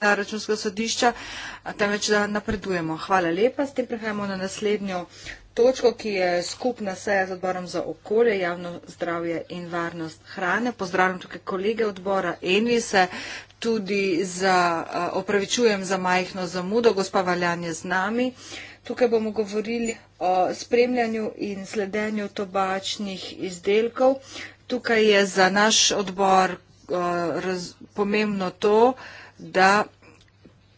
računskega sodišča, temveč da napredujemo. Hvala lepa. S tem prehajamo na naslednjo točko, ki je skupna seja z odborom za okolje, javno zdravje in varnost hrane. Pozdravljam tukaj kolege odbora Envise, tudi za, opravičujem za majhno zamudo, gospa Valjanje z nami. Tukaj bomo govorili o spremljanju in sledenju tobačnih izdelkov. Tukaj je za naš odbor uh, raz, pomembno to, uh, da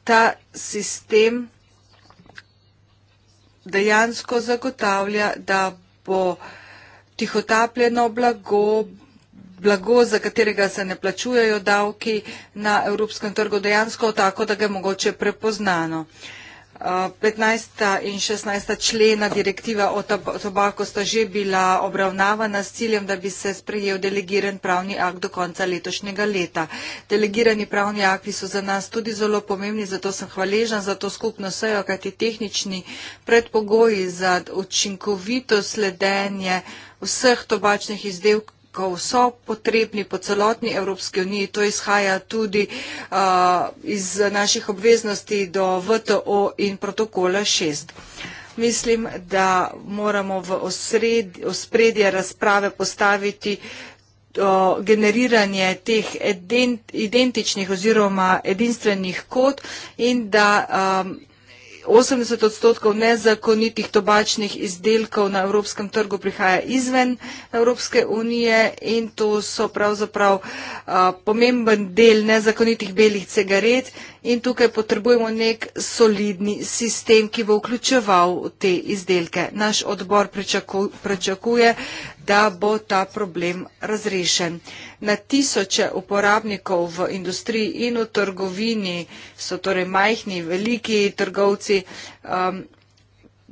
ta sistem dejansko zagotavlja, da bo tihotapljeno blago, blago, za katerega se ne plačujejo davki na evropskem trgu, dejansko tako, da ga je mogoče prepoznano. Uh, 15. in 16. člena direktiva o tab tobako sta že bila obravnavana s ciljem, da bi se sprejel delegiran pravni akt do konca letošnjega leta. Delegirani pravni akti so za nas tudi zelo pomembni, zato sem hvaležen za to skupno sejo, kajti tehnični predpogoji za učinkovito sledenje vseh tobačnih izdelkov ko so potrebni po celotni Evropski uniji. To izhaja tudi uh, iz naših obveznosti do VTO in protokola 6. Mislim, da moramo v ospredje razprave postaviti uh, generiranje teh identičnih oziroma edinstvenih kod in da um, 80 odstotkov nezakonitih tobačnih izdelkov na evropskem trgu prihaja izven Evropske unije in to so pravzaprav a, pomemben del nezakonitih belih cigaret, in tukaj potrebujemo nek solidni sistem, ki bo vključeval te izdelke. Naš odbor pričakuje, da bo ta problem razrešen. Na tisoče uporabnikov v industriji in v trgovini so torej majhni, veliki trgovci. Um,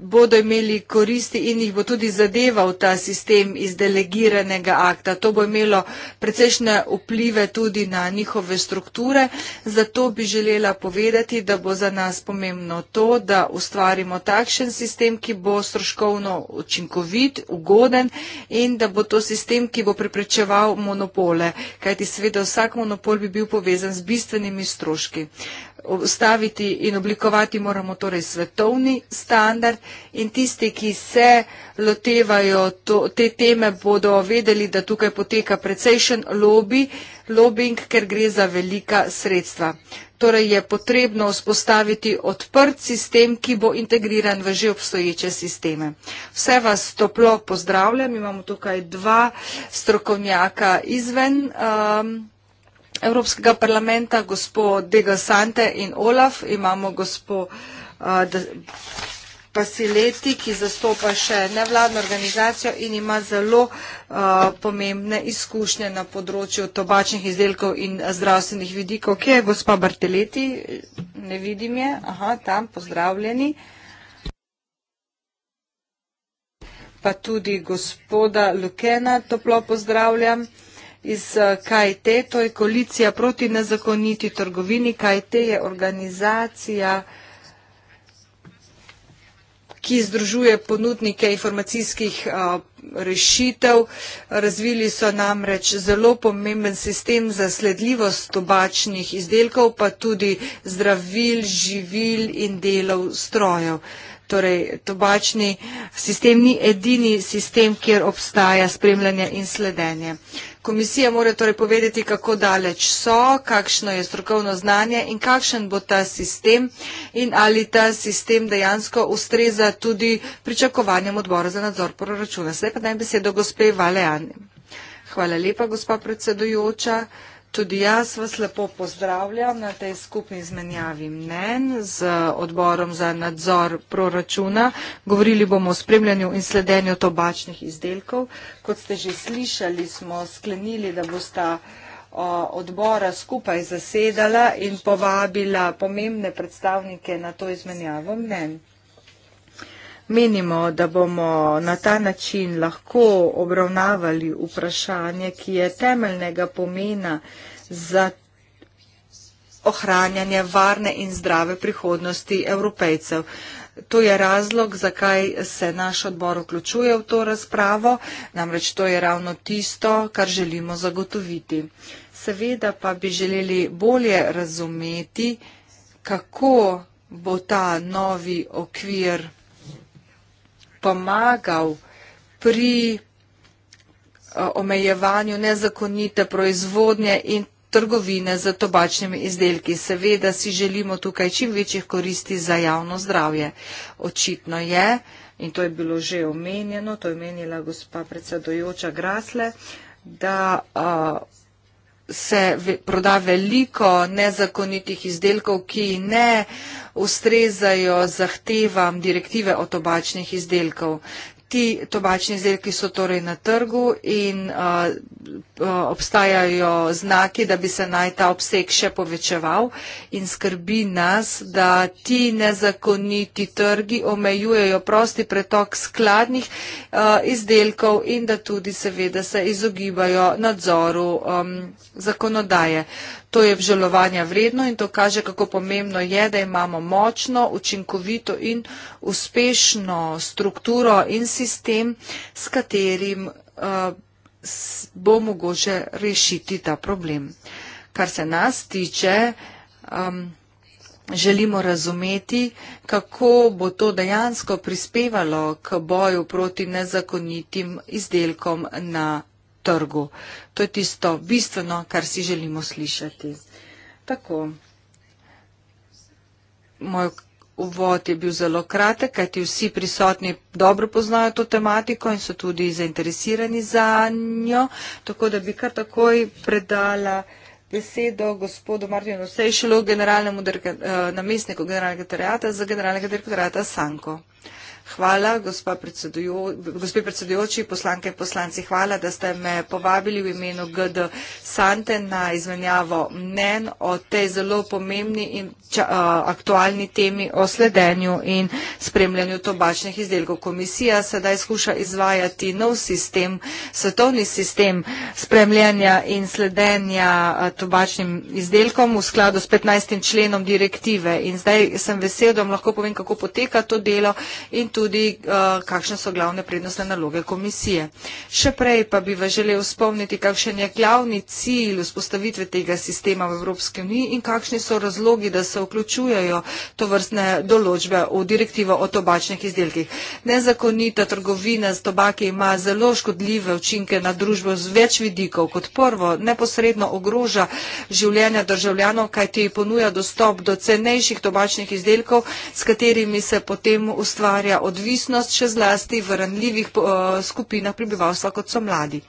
bodo imeli koristi in jih bo tudi zadeval ta sistem iz delegiranega akta. To bo imelo precejšnje vplive tudi na njihove strukture. Zato bi želela povedati, da bo za nas pomembno to, da ustvarimo takšen sistem, ki bo stroškovno učinkovit, ugoden in da bo to sistem, ki bo preprečeval monopole. Kajti seveda vsak monopol bi bil povezan z bistvenimi stroški. Uh, ustaviti in oblikovati moramo torej svetovni standard in tisti, ki se lotevajo to, te teme, bodo vedeli, da tukaj poteka precejšen lobby, lobbying, ker gre za velika sredstva. Torej je potrebno vzpostaviti odprt sistem, ki bo integriran v že obstoječe sisteme. Vse vas toplo pozdravljam, imamo tukaj dva strokovnjaka izven. Um, Evropskega parlamenta, gospo Dega Sante in Olaf, imamo gospo uh, Pasileti, ki zastopa še nevladno organizacijo in ima zelo uh, pomembne izkušnje na področju tobačnih izdelkov in zdravstvenih vidikov. Kje je gospa Barteleti? Ne vidim je. Aha, tam, pozdravljeni. Pa tudi gospoda Lukena, toplo pozdravljam. Pozdravljam iz eh, KIT, to je koalicija proti nezakoniti trgovini. KIT je organizacija, ki združuje ponudnike informacijskih eh, rešitev. Razvili so namreč zelo pomemben sistem za sledljivost tobačnih izdelkov, pa tudi zdravil, živil in delov strojev torej tobačni sistem ni edini sistem, kjer obstaja spremljanje in sledenje. Komisija mora torej povedati, kako daleč so, kakšno je strokovno znanje in kakšen bo ta sistem in ali ta sistem dejansko ustreza tudi pričakovanjem odbora za nadzor proračuna. Zdaj pa naj besedo gospe Valejani. Hvala lepa, gospa predsedujoča. Tudi jaz vas lepo pozdravljam na tej skupni izmenjavi mnen z odborom za nadzor proračuna. Govorili bomo o spremljanju in sledenju tobačnih izdelkov. Kot ste že slišali, smo sklenili, da bosta odbora skupaj zasedala in povabila pomembne predstavnike na to izmenjavo mnen. Menimo, da bomo na ta način lahko obravnavali vprašanje, ki je temeljnega pomena za ohranjanje varne in zdrave prihodnosti evropejcev. To je razlog, zakaj se naš odbor vključuje v to razpravo, namreč to je ravno tisto, kar želimo zagotoviti. Seveda pa bi želeli bolje razumeti, kako bo ta novi okvir pomagal pri eh, omejevanju nezakonite proizvodnje in trgovine z tobačnimi izdelki. Seveda si želimo tukaj čim večjih koristi za javno zdravje. Očitno je, in to je bilo že omenjeno, to je omenila gospa predsedojoča Grasle, da uh, se proda veliko nezakonitih izdelkov, ki ne ustrezajo zahtevam direktive o tobačnih izdelkov ti tobačni izdelki so torej na trgu in uh, obstajajo znaki, da bi se naj ta obseg še povečeval in skrbi nas, da ti nezakoniti trgi omejujejo prosti pretok skladnih uh, izdelkov in da tudi seveda se izogibajo nadzoru um, zakonodaje. Uh, To je obžalovanja vredno in to kaže, kako pomembno je, da imamo močno, učinkovito in uspešno strukturo in sistem, s katerim uh, bo mogoče rešiti ta problem. Kar se nas tiče, um, želimo razumeti, kako bo to dejansko prispevalo k boju proti nezakonitim izdelkom na trgu. To je tisto bistveno, kar si želimo slišati. Tako. Moj uvod je bil zelo kratek, kajti vsi prisotni dobro poznajo to tematiko in so tudi zainteresirani za njo, tako da bi kar takoj predala besedo gospodu Martinu Sejšelu, generalnemu eh, namestniku generalnega terjata za generalnega terjata Sanko. Hvala, predsedujo, gospe predsedujoči, poslanke in poslanci, hvala, da ste me povabili v imenu GD Sante na izmenjavo mnen o tej zelo pomembni in ča, aktualni temi o sledenju in spremljanju tobačnih izdelkov. Komisija sedaj skuša izvajati nov sistem, svetovni sistem spremljanja in sledenja tobačnim izdelkom v skladu s 15. členom direktive. In zdaj sem vesel, da vam lahko povem, kako poteka to delo in tudi tudi, eh, kakšne so glavne prednostne naloge komisije. Še prej pa bi vas želel spomniti, kakšen je glavni cilj vzpostavitve tega sistema v Evropski uniji in kakšni so razlogi, da se vključujejo to vrstne določbe v direktivo o tobačnih izdelkih. Nezakonita trgovina z tobaki ima zelo škodljive učinke na družbo z več vidikov. Kot prvo, neposredno ogroža življenja državljanov, kaj ti ponuja dostop do cenejših tobačnih izdelkov, s katerimi se potem ustvarja odnosno odvisnost še zlasti v ranljivih eh, skupinah prebivalstva, kot so mladi.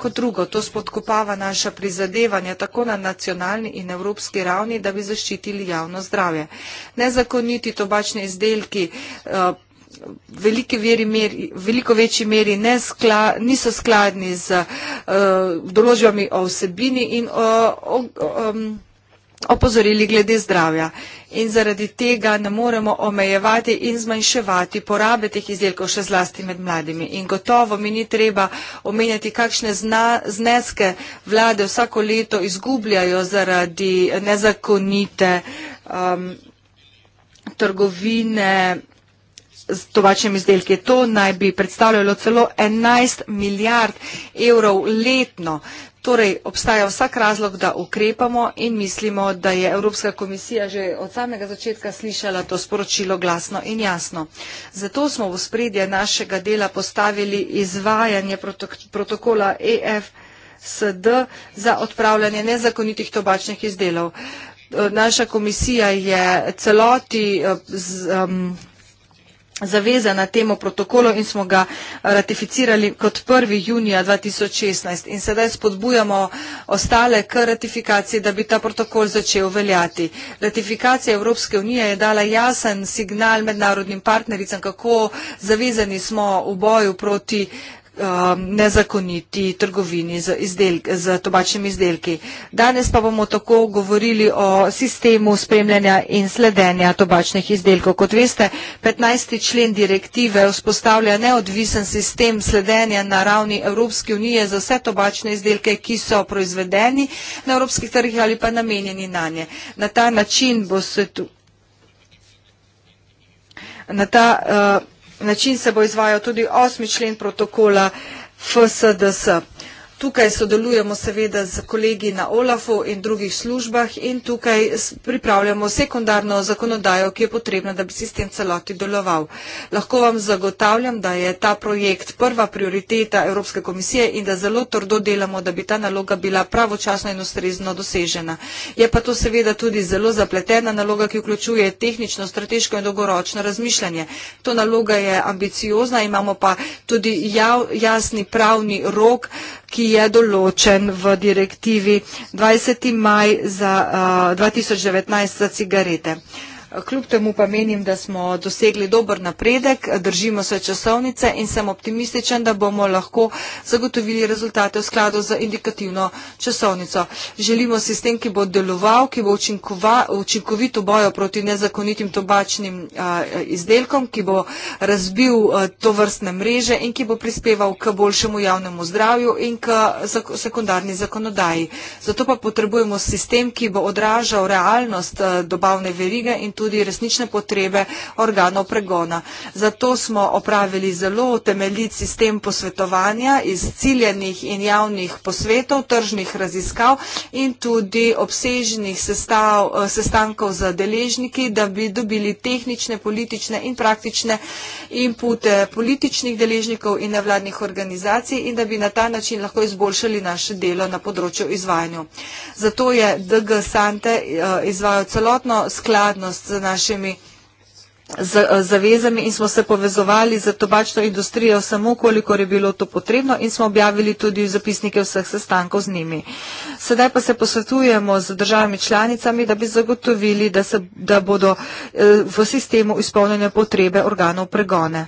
Kot drugo, to spodkopava naša prizadevanja tako na nacionalni in evropski ravni, da bi zaščitili javno zdravje. Nezakoniti tobačni izdelki. Eh, meri, veliko večji meri ne skla, niso skladni z uh, določbami o vsebini in uh, o, um, opozorili glede zdravja. Uh, in zaradi tega ne moremo omejevati in zmanjševati porabe teh izdelkov še zlasti med mladimi. In gotovo mi ni treba omenjati, kakšne zna, zneske vlade vsako leto izgubljajo zaradi nezakonite um, trgovine z tobačnimi izdelki. To naj bi predstavljalo celo 11 milijard evrov letno. Torej, obstaja vsak razlog, da ukrepamo in mislimo, da je Evropska komisija že od samega začetka slišala to sporočilo glasno in jasno. Zato smo v spredje našega dela postavili izvajanje protok protokola EFSD za odpravljanje nezakonitih tobačnih izdelov. Naša komisija je celoti eh, z, um, zaveze na temo protokolo in smo ga eh, ratificirali kot 1. junija 2016. In sedaj spodbujamo ostale k ratifikaciji, da bi ta protokol začel veljati. Ratifikacija Evropske unije je dala jasen signal mednarodnim partnericam, kako zavezani smo v boju proti uh, Um, nezakoniti trgovini z, izdelki, z tobačnimi izdelki. Danes pa bomo tako govorili o sistemu spremljanja in sledenja tobačnih izdelkov. Kot veste, 15. člen direktive vzpostavlja neodvisen sistem sledenja na ravni Evropske unije za vse tobačne izdelke, ki so proizvedeni na evropskih trgih ali pa namenjeni na nje. Na ta način bo se tu. Na ta, uh, način se bo izvajal tudi osmi člen protokola FSDS. Tukaj sodelujemo seveda z kolegi na OLAF-u in drugih službah in tukaj pripravljamo sekundarno zakonodajo, ki je potrebna, da bi sistem celoti deloval. Lahko vam zagotavljam, da je ta projekt prva prioriteta Evropske komisije in da zelo trdo delamo, da bi ta naloga bila pravočasno in ustrezno dosežena. Je pa to seveda tudi zelo zapletena naloga, ki vključuje tehnično, strateško in dolgoročno razmišljanje. To naloga je ambiciozna, imamo pa tudi jav, jasni pravni rok, ki je določen v direktivi 20. maj za, uh, 2019 za cigarete. Kljub temu pa menim, da smo dosegli dober napredek, držimo se časovnice in sem optimističen, da bomo lahko zagotovili rezultate v skladu z indikativno časovnico. Želimo sistem, ki bo deloval, ki bo učinkovito bojo proti nezakonitim tobačnim izdelkom, ki bo razbil to vrstne mreže in ki bo prispeval k boljšemu javnemu zdravju in k sekundarni zakonodaji. Zato pa potrebujemo sistem, ki bo odražal realnost dobavne verige in tudi tudi resnične potrebe organov pregona. Zato smo opravili zelo temeljit sistem posvetovanja iz ciljenih in javnih posvetov, tržnih raziskav in tudi obsežnih sestav, eh, sestankov za deležniki, da bi dobili tehnične, politične in praktične inpute političnih deležnikov in nevladnih organizacij in da bi na ta način lahko izboljšali naše delo na področju izvajanja. Zato je DG Sante eh, izvajal celotno skladnost z našimi eh, zavezami in smo se povezovali z tobačno industrijo samo, kolikor je bilo to potrebno in smo objavili tudi zapisnike vseh sestankov z njimi. Sedaj pa se posvetujemo z državami članicami, da bi zagotovili, da, se, da bodo eh, v sistemu izpolnjene potrebe organov pregone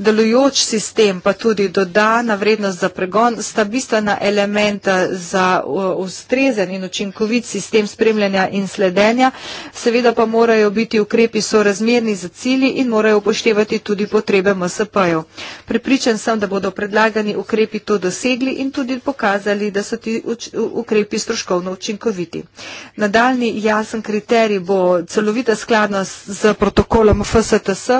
delujoč sistem, pa tudi dodana vrednost za pregon, sta bistvena elementa za uh, ustrezen in učinkovit sistem spremljanja in sledenja. Seveda pa morajo biti ukrepi sorazmerni za cilji in morajo upoštevati tudi potrebe MSP-jev. Pripričan sem, da bodo predlagani ukrepi to dosegli in tudi pokazali, da so ti ukrepi stroškovno učinkoviti. Nadaljni jasen kriterij bo celovita skladnost z protokolom FSTS,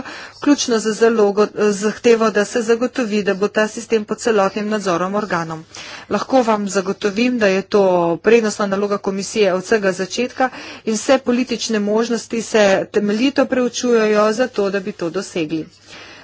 ključno za zalogo, zahtevo, da se zagotovi, da bo ta sistem pod celotnim nadzorom organom. Lahko vam zagotovim, da je to prednostna naloga komisije od vsega začetka in vse politične možnosti se temeljito preučujejo za to, da bi to dosegli.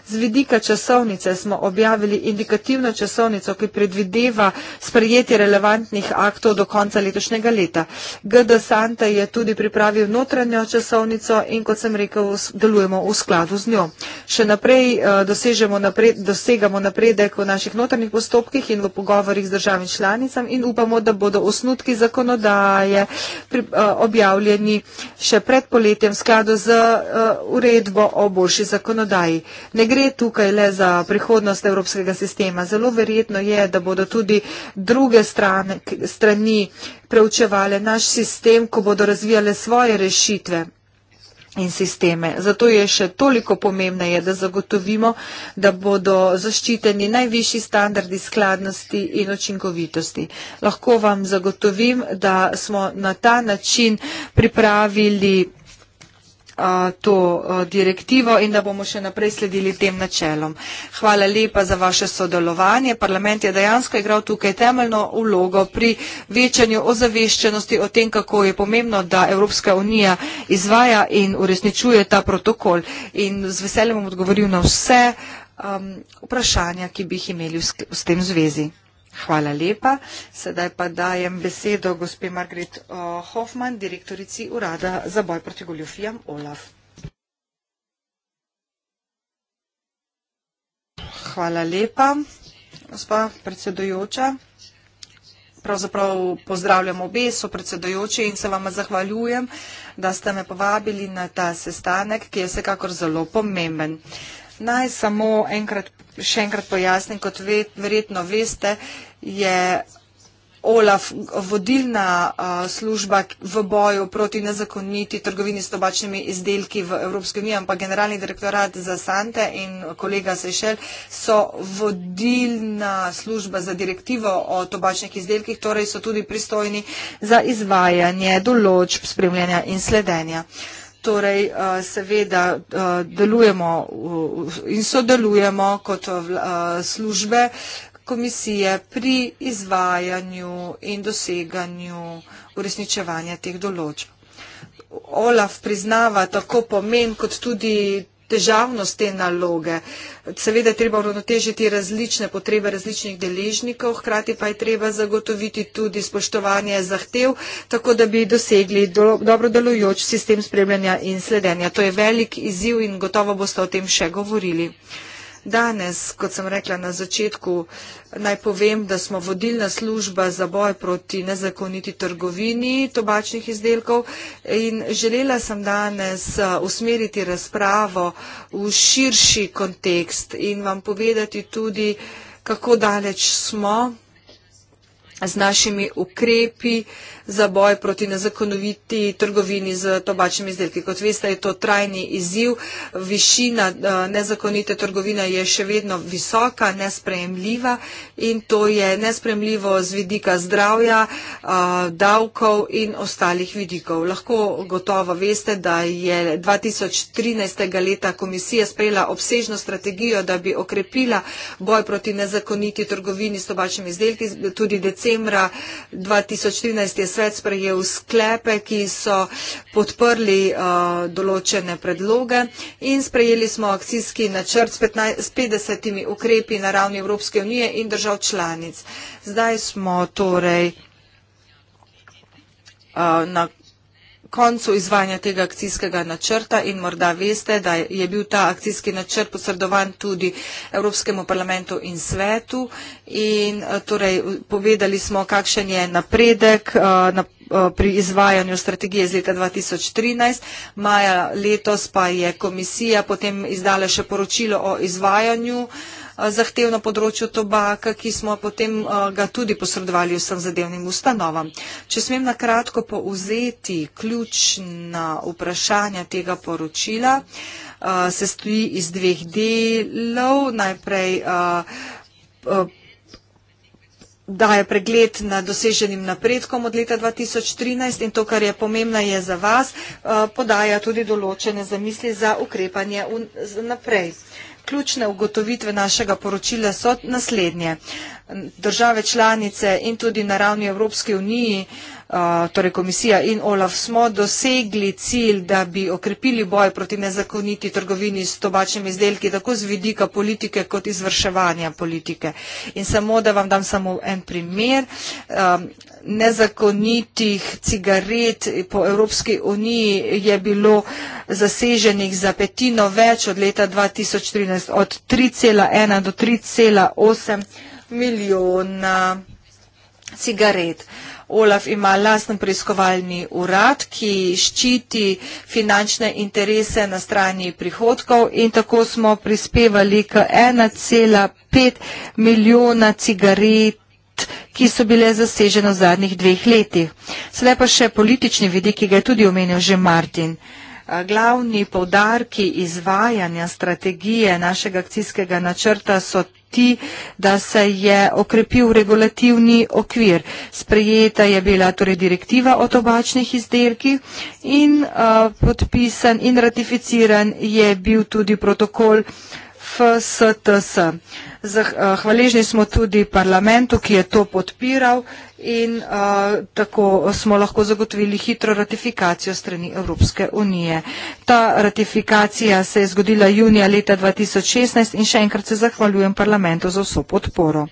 Z vidika časovnice smo objavili indikativno časovnico, ki predvideva sprejetje relevantnih aktov do konca letošnjega leta. GD Santa je tudi pripravil notranjo časovnico in, kot sem rekel, delujemo v skladu z njo. Še naprej eh, napred, dosegamo napredek v naših notranjih postopkih in v pogovorih z državim članicam in upamo, da bodo osnutki zakonodaje eh, objavljeni še pred poletjem v skladu z eh, uredbo o boljši zakonodaji. Ne gre tukaj le za prihodnost evropskega sistema. Zelo verjetno je, da bodo tudi druge strane, strani preučevale naš sistem, ko bodo razvijale svoje rešitve in sisteme. Zato je še toliko pomembneje, da zagotovimo, da bodo zaščiteni najvišji standardi skladnosti in učinkovitosti. Lahko vam zagotovim, da smo na ta način pripravili to direktivo in da bomo še naprej sledili tem načelom. Hvala lepa za vaše sodelovanje. Parlament je dejansko igral tukaj temeljno vlogo pri večanju ozaveščenosti o tem, kako je pomembno, da Evropska unija izvaja in uresničuje ta protokol. In z veseljem bom odgovoril na vse um, vprašanja, ki bi jih imeli s tem zvezi. Hvala lepa. Sedaj pa dajem besedo gospe Margret eh, Hoffman, direktorici Urada za boj proti goljofijam OLAF. Hvala lepa, gospa predsedojoča. Pravzaprav pozdravljam obe, so predsedojoči in se vama zahvaljujem, da ste me povabili na ta sestanek, ki je vsekakor zelo pomemben. Naj samo enkrat, še enkrat pojasnim, kot ve, verjetno veste, je OLAF vodilna a, služba v boju proti nezakoniti trgovini s tobačnimi izdelki v Evropski uniji, ampak generalni direktorat za Sante in kolega Sešel so vodilna služba za direktivo o tobačnih izdelkih, torej so tudi pristojni za izvajanje določb spremljanja in sledenja torej eh, seveda eh, delujemo in sodelujemo kot eh, službe komisije pri izvajanju in doseganju uresničevanja teh določb. OLAF priznava tako pomen kot tudi težavnost te naloge. Seveda je treba uravnotežiti različne potrebe različnih deležnikov, hkrati pa je treba zagotoviti tudi spoštovanje zahtev, tako da bi dosegli do, dobro delujoč sistem spremljanja in sledenja. To je velik izziv in gotovo boste o tem še govorili. Danes, kot sem rekla na začetku, naj povem, da smo vodilna služba za boj proti nezakoniti trgovini tobačnih izdelkov in želela sem danes eh, usmeriti razpravo v širši kontekst in vam povedati tudi, kako daleč smo z našimi ukrepi, za boj proti nezakonoviti trgovini z tobačnimi izdelki. Kot veste, je to trajni izziv. Višina eh, nezakonite trgovine je še vedno visoka, nesprejemljiva in to je nesprejemljivo z vidika zdravja, eh, davkov in ostalih vidikov. Lahko gotovo veste, da je 2013. leta komisija sprejela obsežno strategijo, da bi okrepila boj proti nezakoniti trgovini s tobačnimi izdelki. Tudi decembra 2013 je svet sprejel sklepe, ki so podprli uh, določene predloge in sprejeli smo akcijski načrt s, 15, s 50 ukrepi na ravni Evropske unije in držav članic. Zdaj smo torej uh, na koncu izvanja tega akcijskega načrta in morda veste, da je bil ta akcijski načrt posredovan tudi Evropskemu parlamentu in svetu in eh, torej povedali smo, kakšen je napredek eh, eh, pri izvajanju strategije z leta 2013. Maja letos pa je komisija potem izdala še poročilo o izvajanju strategije Eh, zahtevno področju tobaka, ki smo potem eh, ga tudi posredovali vsem zadevnim ustanovam. Če smem na kratko povzeti ključna vprašanja tega poročila, eh, se stoji iz dveh delov. Najprej daje pregled na doseženim napredkom od leta 2013 in to, kar je pomembno je za vas, podaja tudi določene zamisli za ukrepanje naprej ključne ugotovitve našega poročila so naslednje. Države članice in tudi na ravni Evropske unije, uh, torej komisija in OLAF, smo dosegli cilj, da bi okrepili boj proti nezakoniti trgovini s tobačnimi izdelki, tako z vidika politike kot izvrševanja politike. In samo, da vam dam samo en primer. Um, nezakonitih cigaret po Evropski uniji je bilo zaseženih za petino več od leta 2013, od 3,1 do 3,8 milijona cigaret. Olaf ima lasten preiskovalni urad, ki ščiti finančne interese na strani prihodkov in tako smo prispevali k 1,5 milijona cigaret ki so bile zasežene v zadnjih dveh letih. Sedaj pa še politični vidik, ki ga je tudi omenil že Martin. Glavni povdarki izvajanja strategije našega akcijskega načrta so ti, da se je okrepil regulativni okvir. Sprejeta je bila torej direktiva o tobačnih izdelkih in uh, podpisan in ratificiran je bil tudi protokol FSTS. Uh, Eh, hvaležni smo tudi parlamentu, ki je to podpiral in a, tako smo lahko zagotovili hitro ratifikacijo strani Evropske unije. Ta ratifikacija se je zgodila junija leta 2016 in še enkrat se zahvaljujem parlamentu za vso podporo.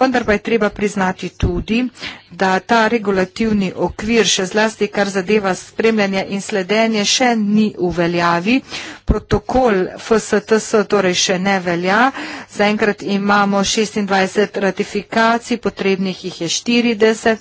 Vendar pa je treba priznati tudi, da ta regulativni okvir še zlasti, kar zadeva spremljanje in sledenje, še ni v veljavi. Protokol FSTS torej še ne velja. Zaenkrat imamo 26 ratifikacij, potrebnih jih je 40 desse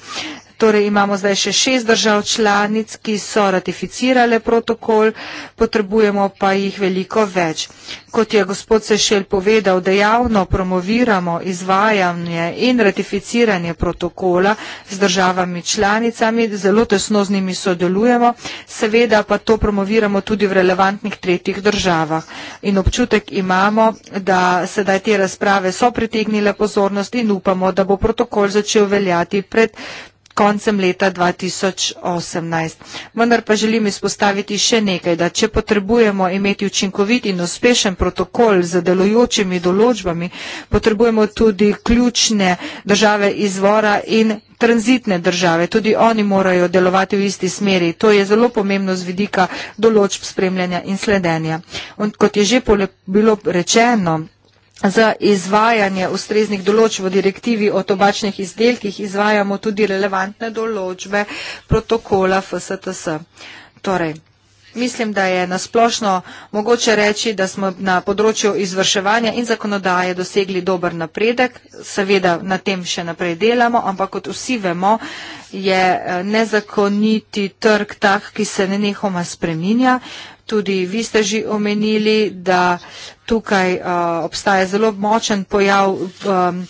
Torej imamo zdaj še šest držav članic, ki so ratificirale protokol, potrebujemo pa jih veliko več. Kot je gospod Sešel povedal, da javno promoviramo izvajanje in ratificiranje protokola z državami članicami, zelo tesno z njimi sodelujemo, seveda pa to promoviramo tudi v relevantnih tretjih državah. In občutek imamo, da sedaj te razprave so pritegnile pozornost in upamo, da bo protokol začel veljati pred koncem leta 2018. Vendar pa želim izpostaviti še nekaj, da če potrebujemo imeti učinkovit in uspešen protokol z delujočimi določbami, potrebujemo tudi ključne države izvora in tranzitne države. Tudi oni morajo delovati v isti smeri. To je zelo pomembno z vidika določb spremljanja in sledenja. On, kot je že bilo rečeno, za izvajanje ustreznih določb v direktivi o tobačnih izdelkih izvajamo tudi relevantne določbe protokola FSTS. Torej, mislim, da je nasplošno mogoče reči, da smo na področju izvrševanja in zakonodaje dosegli dober napredek. Seveda na tem še naprej delamo, ampak kot vsi vemo, je eh, nezakoniti trg tak, ki se nenehoma spreminja. Uh, tudi vi ste že omenili, da tukaj uh, obstaja zelo močen pojav. Um,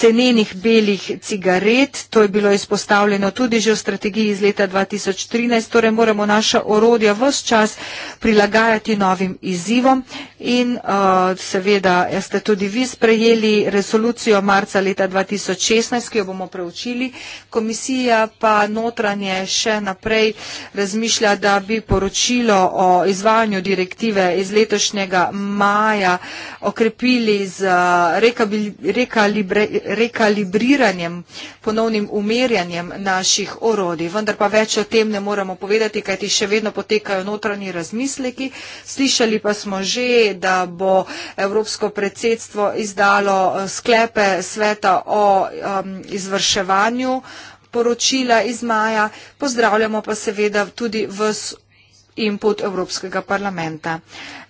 cenenih belih cigaret. To je bilo izpostavljeno tudi že v strategiji iz leta 2013. Torej moramo naša orodja vse čas prilagajati novim izzivom. In uh, seveda ste tudi vi sprejeli resolucijo marca leta 2016, ki jo bomo preučili. Komisija pa notranje še naprej razmišlja, da bi poročilo o izvajanju direktive iz letošnjega maja okrepili z uh, rekalibre rekalibriranjem, ponovnim umerjanjem naših orodij. Vendar pa več o tem ne moramo povedati, kajti še vedno potekajo notranji razmisleki. Slišali pa smo že, da bo Evropsko predsedstvo izdalo eh, sklepe sveta o um, izvrševanju poročila iz maja. Pozdravljamo pa seveda tudi v input Evropskega parlamenta.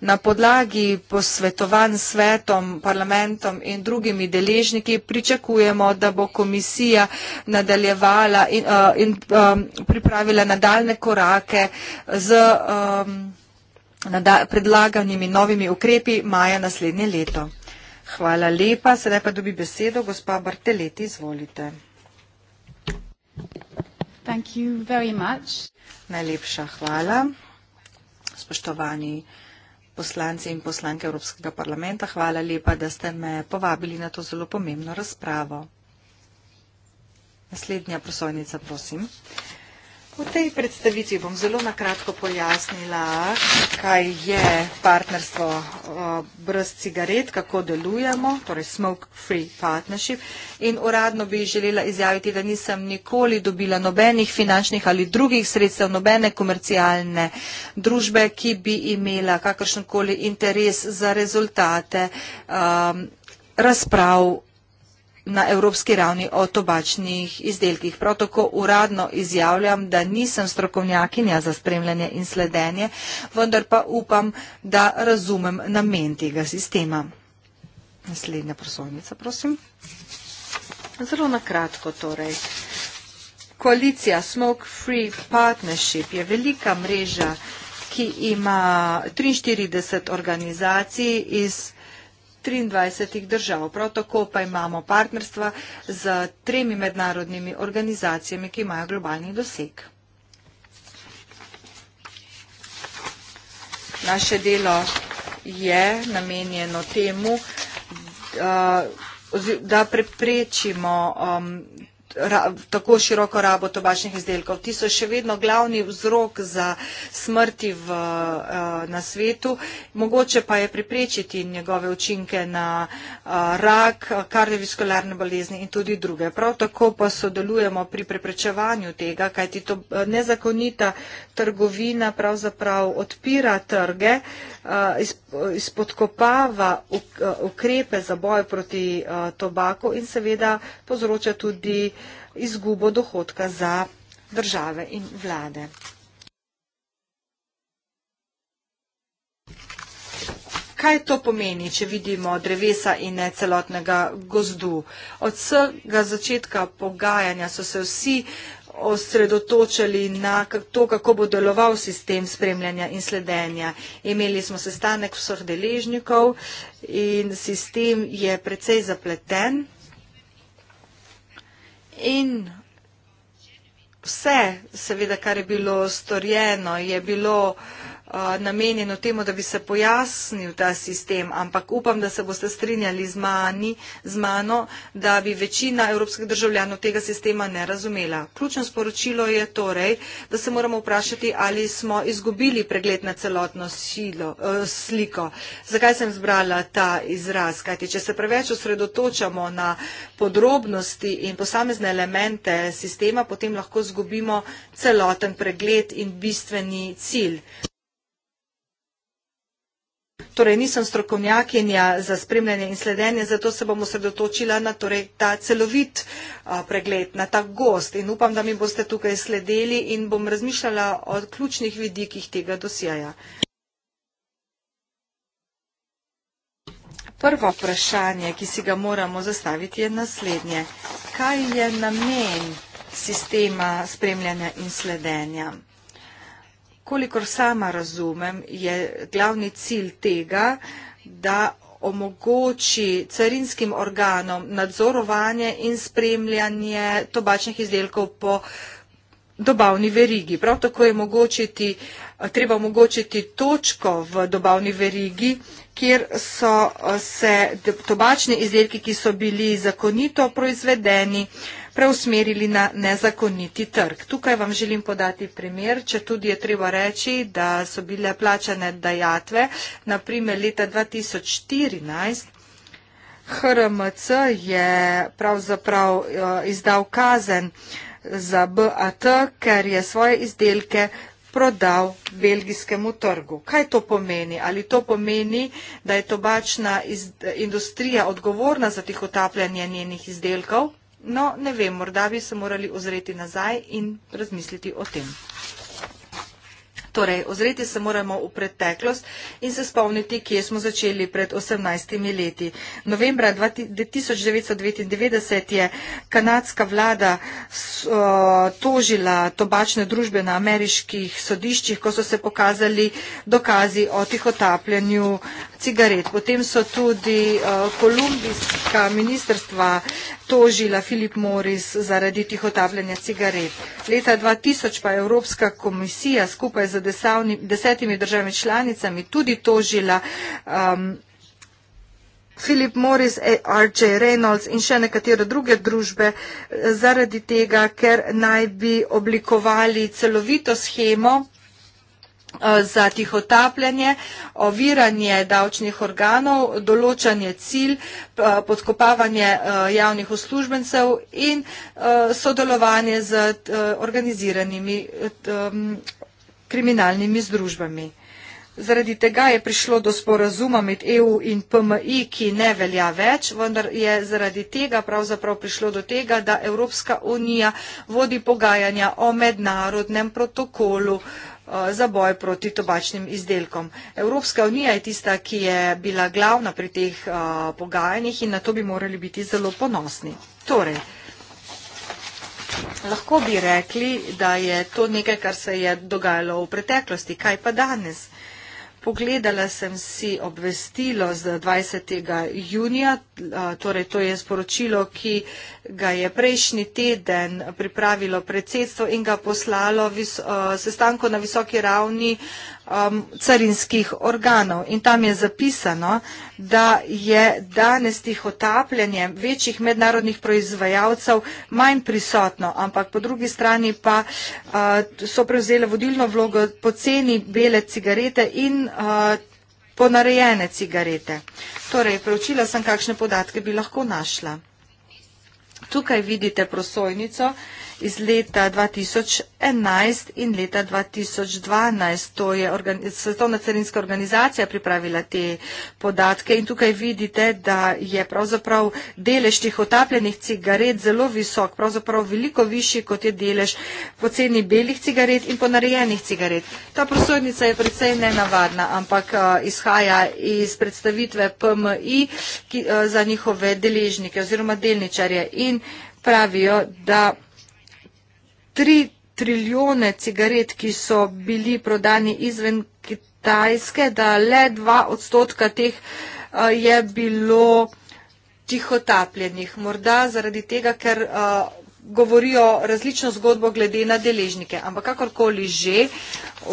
Na podlagi posvetovanj svetom, parlamentom in drugimi deležniki pričakujemo, da bo komisija nadaljevala in, uh, in um, pripravila nadaljne korake z um, nada predlaganimi novimi ukrepi maja naslednje leto. Hvala lepa. Sedaj pa dobi besedo gospa Barteleti. Izvolite. Thank you very much. Najlepša hvala spoštovani poslanci in poslanke Evropskega parlamenta, hvala lepa, da ste me povabili na to zelo pomembno razpravo. Naslednja prosojnica, prosim. V tej predstavitvi bom zelo nakratko pojasnila, kaj je partnerstvo brez cigaret, kako delujemo, torej Smoke Free Partnership. In uradno bi želela izjaviti, da nisem nikoli dobila nobenih finančnih ali drugih sredstev, nobene komercialne družbe, ki bi imela kakršenkoli interes za rezultate um, razprav na evropski ravni o tobačnih izdelkih. Prav tako uradno izjavljam, da nisem strokovnjakinja za spremljanje in sledenje, vendar pa upam, da razumem namen tega sistema. Naslednja prosovnica, prosim. Zelo nakratko torej. Koalicija Smoke Free Partnership je velika mreža, ki ima 43 organizacij iz Smoke Free Partnership, 23 držav. Prav tako pa imamo partnerstva z tremi mednarodnimi organizacijami, ki imajo globalni doseg. Naše delo je namenjeno temu, eh, da preprečimo um, tako široko rabo tobačnih izdelkov. Ti so še vedno glavni vzrok za smrti v, eh, na svetu. Mogoče pa je preprečiti njegove učinke na eh, rak, kardiovaskularne bolezni in tudi druge. Prav tako pa sodelujemo pri preprečevanju tega, kajti to eh, nezakonita trgovina pravzaprav odpira trge, izpodkopava ukrepe za boj proti tobaku in seveda povzroča tudi izgubo dohodka za države in vlade. Kaj to pomeni, če vidimo drevesa in ne celotnega gozdu? Od vsega začetka pogajanja so se vsi osredotočili na to, kako bo deloval sistem spremljanja in sledenja. Imeli smo sestanek vseh deležnikov in sistem je precej zapleten. In vse, seveda, kar je bilo storjeno, je bilo Eh, namenjeno temu, da bi se pojasnil ta sistem, ampak upam, da se boste strinjali z, mani, z mano, da bi večina evropskih državljanov tega sistema ne razumela. Ključno sporočilo je torej, da se moramo vprašati, ali smo izgubili pregled na celotno silo, eh, sliko. Zakaj sem zbrala ta izraz? Kajti, če se preveč osredotočamo na podrobnosti in posamezne elemente sistema, potem lahko zgubimo celoten pregled in bistveni cilj. Torej, nisem strokovnjakinja za spremljanje in sledenje, zato se bom osredotočila na torej, ta celovit a, pregled, na ta gost in upam, da mi boste tukaj sledeli in bom razmišljala o ključnih vidikih tega dosjeja. Prvo vprašanje, ki si ga moramo zastaviti, je naslednje. Kaj je namen sistema spremljanja in sledenja? kolikor sama razumem, je glavni cilj tega, da omogoči carinskim organom nadzorovanje in spremljanje tobačnih izdelkov po dobavni verigi. Prav tako je mogočiti, treba omogočiti točko v dobavni verigi, kjer so se tobačni izdelki, ki so bili zakonito proizvedeni, uh, preusmerili na nezakoniti trg. Tukaj vam želim podati primer, če tudi je treba reči, da so bile plačane dajatve, naprimer leta 2014. HRMC je pravzaprav eh, izdal kazen za BAT, ker je svoje izdelke prodal belgijskemu trgu. Kaj to pomeni? Ali to pomeni, da je tobačna industrija odgovorna za tih utapljanje njenih izdelkov? No, ne vem, morda bi se morali ozreti nazaj in razmisliti o tem. Torej, ozreti se moramo v preteklost in se spomniti, kje smo začeli pred 18 leti. Novembra 1999 je kanadska vlada tožila tobačne družbe na ameriških sodiščih, ko so se pokazali dokazi o tihotapljanju cigaret. Potem so tudi uh, kolumbijska ministrstva tožila Filip Moris zaradi tihotapljanja cigaret. Leta 2000 pa je Evropska komisija skupaj z desavni, desetimi državami članicami tudi tožila um, ehm, Filip Moris, RJ Reynolds in še nekatere druge družbe eh, zaradi tega, ker naj bi oblikovali celovito schemo Eh, za tihotapljanje, oviranje davčnih organov, določanje cilj, eh, podkopavanje eh, javnih uslužbencev in sodelovanje z organiziranimi kriminalnimi združbami. Zaradi tega je prišlo do sporazuma med EU in PMI, ki ne velja več, vendar je zaradi tega pravzaprav prišlo do tega, da Evropska unija vodi pogajanja o mednarodnem protokolu uh, Eh, za boj proti tobačnim izdelkom. Evropska unija je tista, ki je bila glavna pri teh eh, pogajanjih in na to bi morali biti zelo ponosni. Torej, lahko bi rekli, da je to nekaj, kar se je dogajalo v preteklosti. Kaj pa danes? Pogledala sem si obvestilo z 20. junija, torej to je sporočilo, ki ga je prejšnji teden pripravilo predsedstvo in ga poslalo sestanko na visoki ravni um, carinskih organov. In tam je zapisano, da je danes tih otapljanje večjih mednarodnih proizvajalcev manj prisotno, ampak po drugi strani pa uh, so prevzele vodilno vlogo poceni bele cigarete in uh, ponarejene cigarete. Torej, preučila sem, kakšne podatke bi lahko našla. Tukaj vidite prosojnico, uh, iz leta 2011 in leta 2012. To je Svetovna carinska organizacija pripravila te podatke in tukaj vidite, da je pravzaprav delež tih otapljenih cigaret zelo visok, pravzaprav veliko višji, kot je delež po ceni belih cigaret in ponarejenih cigaret. Ta prosojnica je predvsej nenavadna, ampak izhaja iz predstavitve PMI ki, za njihove deležnike oziroma delničarje in pravijo, da tri trilijone cigaret, ki so bili prodani izven Kitajske, da le dva odstotka teh eh, je bilo tihotapljenih. Morda zaradi tega, ker eh, govorijo različno zgodbo glede na deležnike. Ampak kakorkoli že,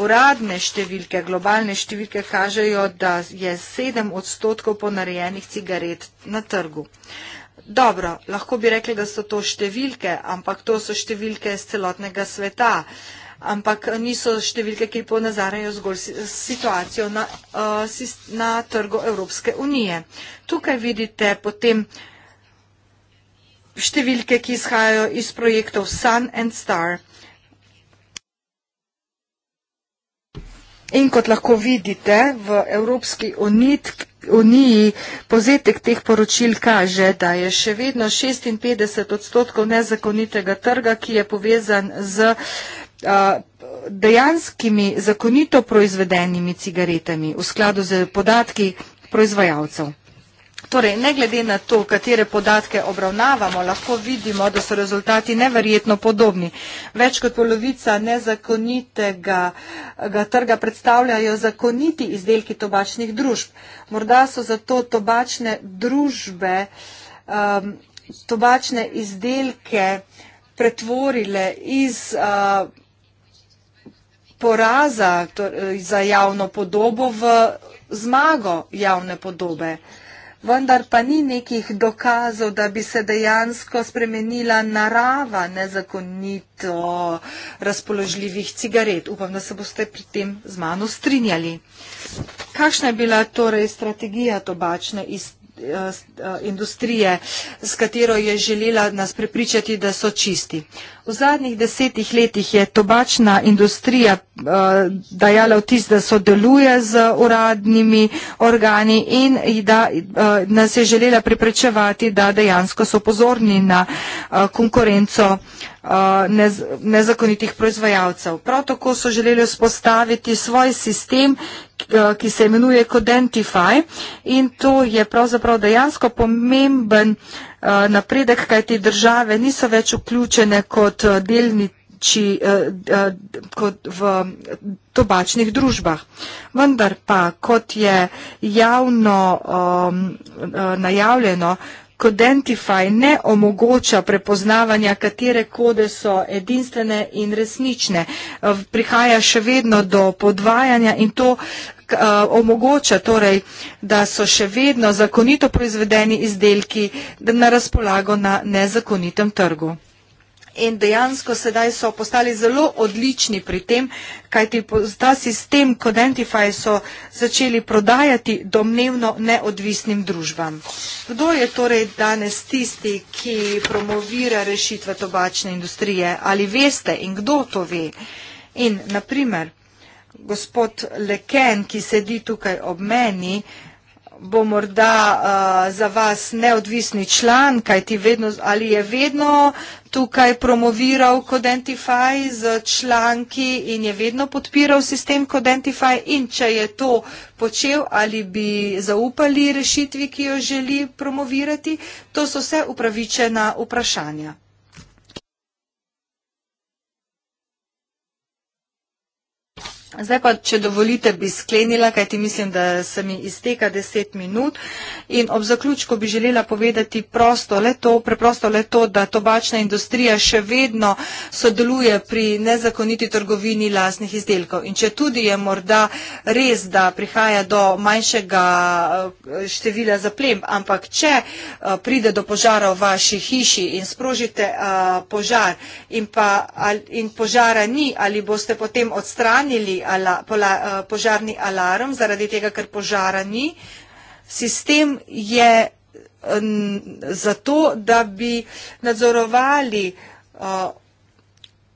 uradne številke, globalne številke kažejo, da je sedem odstotkov ponarejenih cigaret na trgu. Uh, Dobro, lahko bi rekli, da so to številke, ampak to so številke z celotnega sveta. Ampak niso številke, ki ponazarajo zgolj situacijo na, eh, na trgu Evropske unije. Tukaj vidite potem številke, ki izhajajo iz projektov Sun and Star. In kot lahko vidite, v Evropski uniji uniji pozetek teh poročil kaže, da je še vedno 56 odstotkov nezakonitega trga, ki je povezan z dejanskimi zakonito proizvedenimi cigaretami v skladu z podatki proizvajalcev. Torej, ne glede na to, katere podatke obravnavamo, lahko vidimo, da so rezultati neverjetno podobni. Več kot polovica nezakonitega ga trga predstavljajo zakoniti izdelki tobačnih družb. Morda so zato tobačne družbe, um, tobačne izdelke pretvorile iz. Uh, poraza za javno podobo v zmago javne podobe vendar pa ni nekih dokazov, da bi se dejansko spremenila narava nezakonito razpoložljivih cigaret. Upam, da se boste pri tem z mano strinjali. Kakšna je bila torej strategija tobačne iz Eh, industrije, s katero je želela nas prepričati, da so čisti. V zadnjih desetih letih je tobačna industrija eh, dajala vtis, da sodeluje z uradnimi organi in da eh, nas je želela preprečevati, da dejansko so pozorni na konkurenco Uh, nezakonitih proizvajalcev. Prav tako so želeli vzpostaviti svoj sistem, uh, ki se imenuje Codentify in to je pravzaprav dejansko pomemben uh, napredek, kaj te države niso več vključene kot delni či kot v tobačnih družbah. Vendar pa, kot je javno um, najavljeno, Codentify ne omogoča prepoznavanja, katere kode so edinstvene in resnične. Eh, prihaja še vedno do podvajanja in to eh, omogoča torej, da so še vedno zakonito proizvedeni izdelki na razpolago na nezakonitem trgu in dejansko sedaj so postali zelo odlični pri tem, kajti ta sistem Codentify so začeli prodajati domnevno neodvisnim družbam. Kdo je torej danes tisti, ki promovira rešitve tobačne industrije? Ali veste in kdo to ve? In naprimer, gospod Leken, ki sedi tukaj ob meni, bo morda uh, za vas neodvisni član, kaj ti vedno, ali je vedno tukaj promoviral Codentify z članki in je vedno podpiral sistem Codentify in če je to počel, ali bi zaupali rešitvi, ki jo želi promovirati, to so vse upravičena vprašanja. Zdaj pa, če dovolite, bi sklenila, kajti mislim, da se mi izteka deset minut in ob zaključku bi želela povedati prosto le to, preprosto le to, da tobačna industrija še vedno sodeluje pri nezakoniti trgovini lasnih izdelkov. In če tudi je morda res, da prihaja do manjšega eh, števila zaplem, ampak če eh, pride do požara v vaši hiši in sprožite eh, požar in, pa, in požara ni, ali boste potem odstranili, ala, pola, uh, požarni alarm, zaradi tega, ker požara ni. Sistem je zato, da bi nadzorovali uh,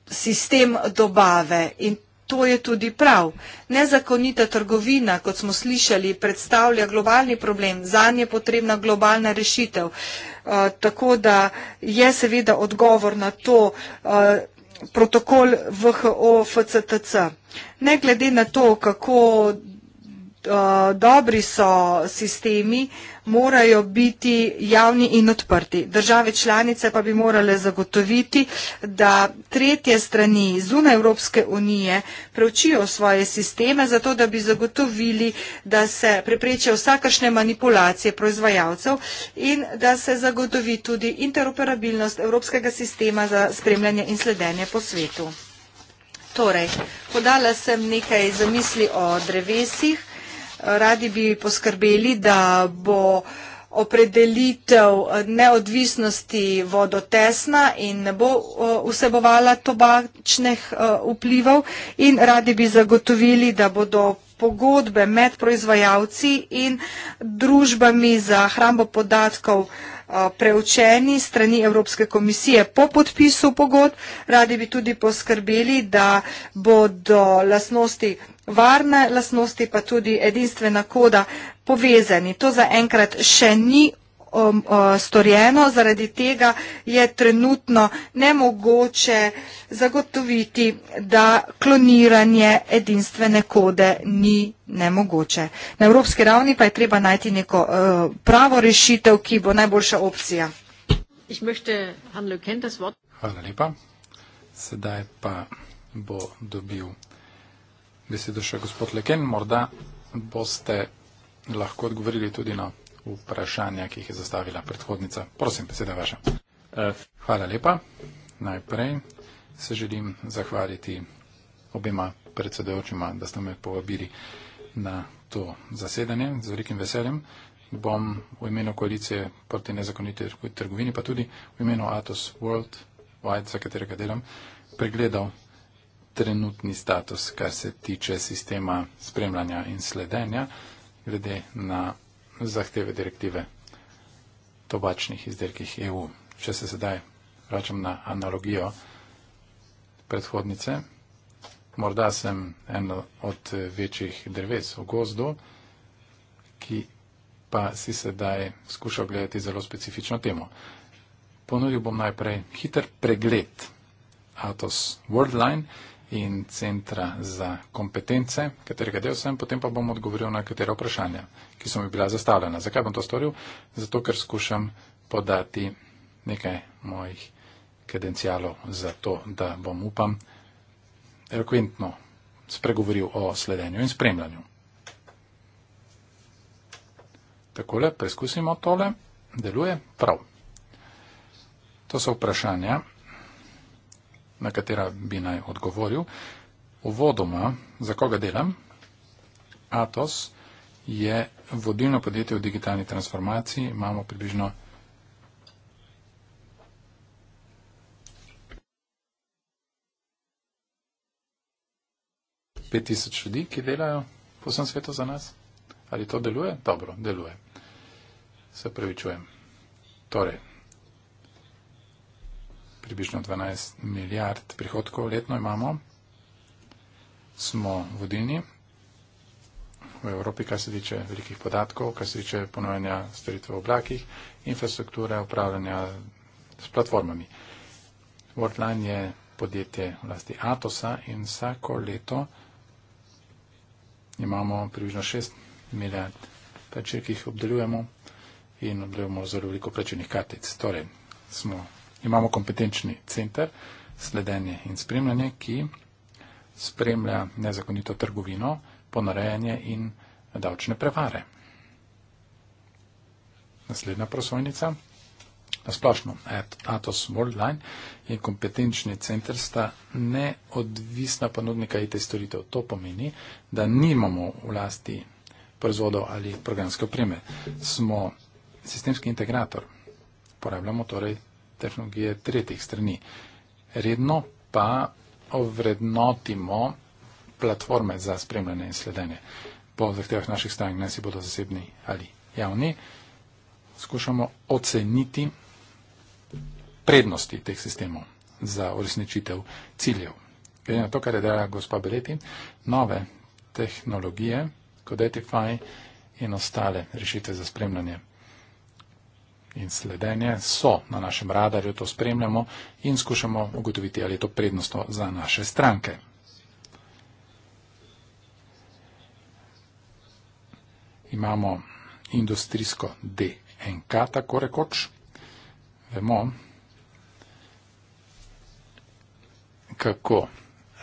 sistem dobave in to je tudi prav. Nezakonita trgovina, kot smo slišali, predstavlja globalni problem, zanje je potrebna globalna rešitev. Uh, tako da je seveda odgovor na to, uh, protokol VHO-FCTC. Ne glede na to, kako Eh, dobri so sistemi, morajo biti javni in odprti. Države članice pa bi morale zagotoviti, da tretje strani zunaj Evropske unije preučijo svoje sisteme, zato da bi zagotovili, da se preprečijo vsakašne manipulacije proizvajalcev in da se zagotovi tudi interoperabilnost Evropskega sistema za spremljanje in sledenje po svetu. Torej, podala sem nekaj zamisli o drevesih radi bi poskrbeli, da bo opredelitev neodvisnosti vodotesna in ne bo vsebovala tobačnih vplivov in radi bi zagotovili, da bodo pogodbe med proizvajalci in družbami za hrambo podatkov preučeni strani Evropske komisije po podpisu pogod. Radi bi tudi poskrbeli, da bodo lasnosti varne lasnosti pa tudi edinstvena koda povezani. To zaenkrat še ni um, uh, storjeno, zaradi tega je trenutno nemogoče zagotoviti, da kloniranje edinstvene kode ni nemogoče. Na evropski ravni pa je treba najti neko uh, pravo rešitev, ki bo najboljša opcija. Hvala lepa. Sedaj pa bo dobil besedo še gospod Leken. Morda boste lahko odgovorili tudi na vprašanja, ki jih je zastavila predhodnica. Prosim, beseda vaša. Eh. Hvala lepa. Najprej se želim zahvaliti obema predsedojočima, da ste me povabili na to zasedanje. Z velikim veseljem bom v imenu koalicije proti nezakoniti trgovini, pa tudi v imenu Atos World Wide, za katerega delam, pregledal trenutni status, kar se tiče sistema spremljanja in sledenja, glede na zahteve direktive tobačnih izdelkih EU. Če se sedaj vračam na analogijo predhodnice, morda sem eno od večjih dreves v gozdu, ki pa si sedaj skušal gledati zelo specifično temo. Ponudil bom najprej hiter pregled Atos Worldline, ki in centra za kompetence, katerega del sem, potem pa bom odgovoril na katera vprašanja, ki so mi bila zastavljena. Zakaj bom to storil? Zato, ker skušam podati nekaj mojih kredencialov za to, da bom upam elokventno spregovoril o sledenju in spremljanju. Takole, preizkusimo tole. Deluje prav. To so vprašanja na katera bi naj odgovoril. Uvodoma, za koga delam, Atos je vodilno podjetje v digitalni transformaciji. Imamo približno 5000 ljudi, ki delajo po vsem svetu za nas. Ali to deluje? Dobro, deluje. Se pravičujem. Torej, približno 12 milijard prihodkov letno imamo, smo vodilni v Evropi, kar se tiče velikih podatkov, kar se tiče ponovanja storitve v oblakih, infrastrukture, upravljanja s platformami. Worldline je podjetje vlasti Atosa in vsako leto imamo približno 6 milijard plačil, ki jih obdelujemo in obdelujemo zelo veliko plačilnih kartic. Torej, smo imamo kompetenčni center sledenje in spremljanje, ki spremlja nezakonito trgovino, ponarejanje in davčne prevare. Naslednja prosojnica. Na splošno, Atos Worldline in kompetenčni center sta neodvisna ponudnika IT storitev. To pomeni, da nimamo vlasti proizvodov ali programske opreme. Smo sistemski integrator. Porabljamo torej tehnologije tretjih strani. Redno pa ovrednotimo platforme za spremljanje in sledenje. Po zahtevah naših stanj, ne si bodo zasebni ali javni, skušamo oceniti prednosti teh sistemov za uresničitev ciljev. Glede na to, kar je dejala gospa Beleti, nove tehnologije, kodetify in ostale rešitve za spremljanje in sledenje so na našem radarju, to spremljamo in skušamo ugotoviti, ali je to prednostno za naše stranke. Imamo industrijsko DNK, tako rekoč. Vemo, kako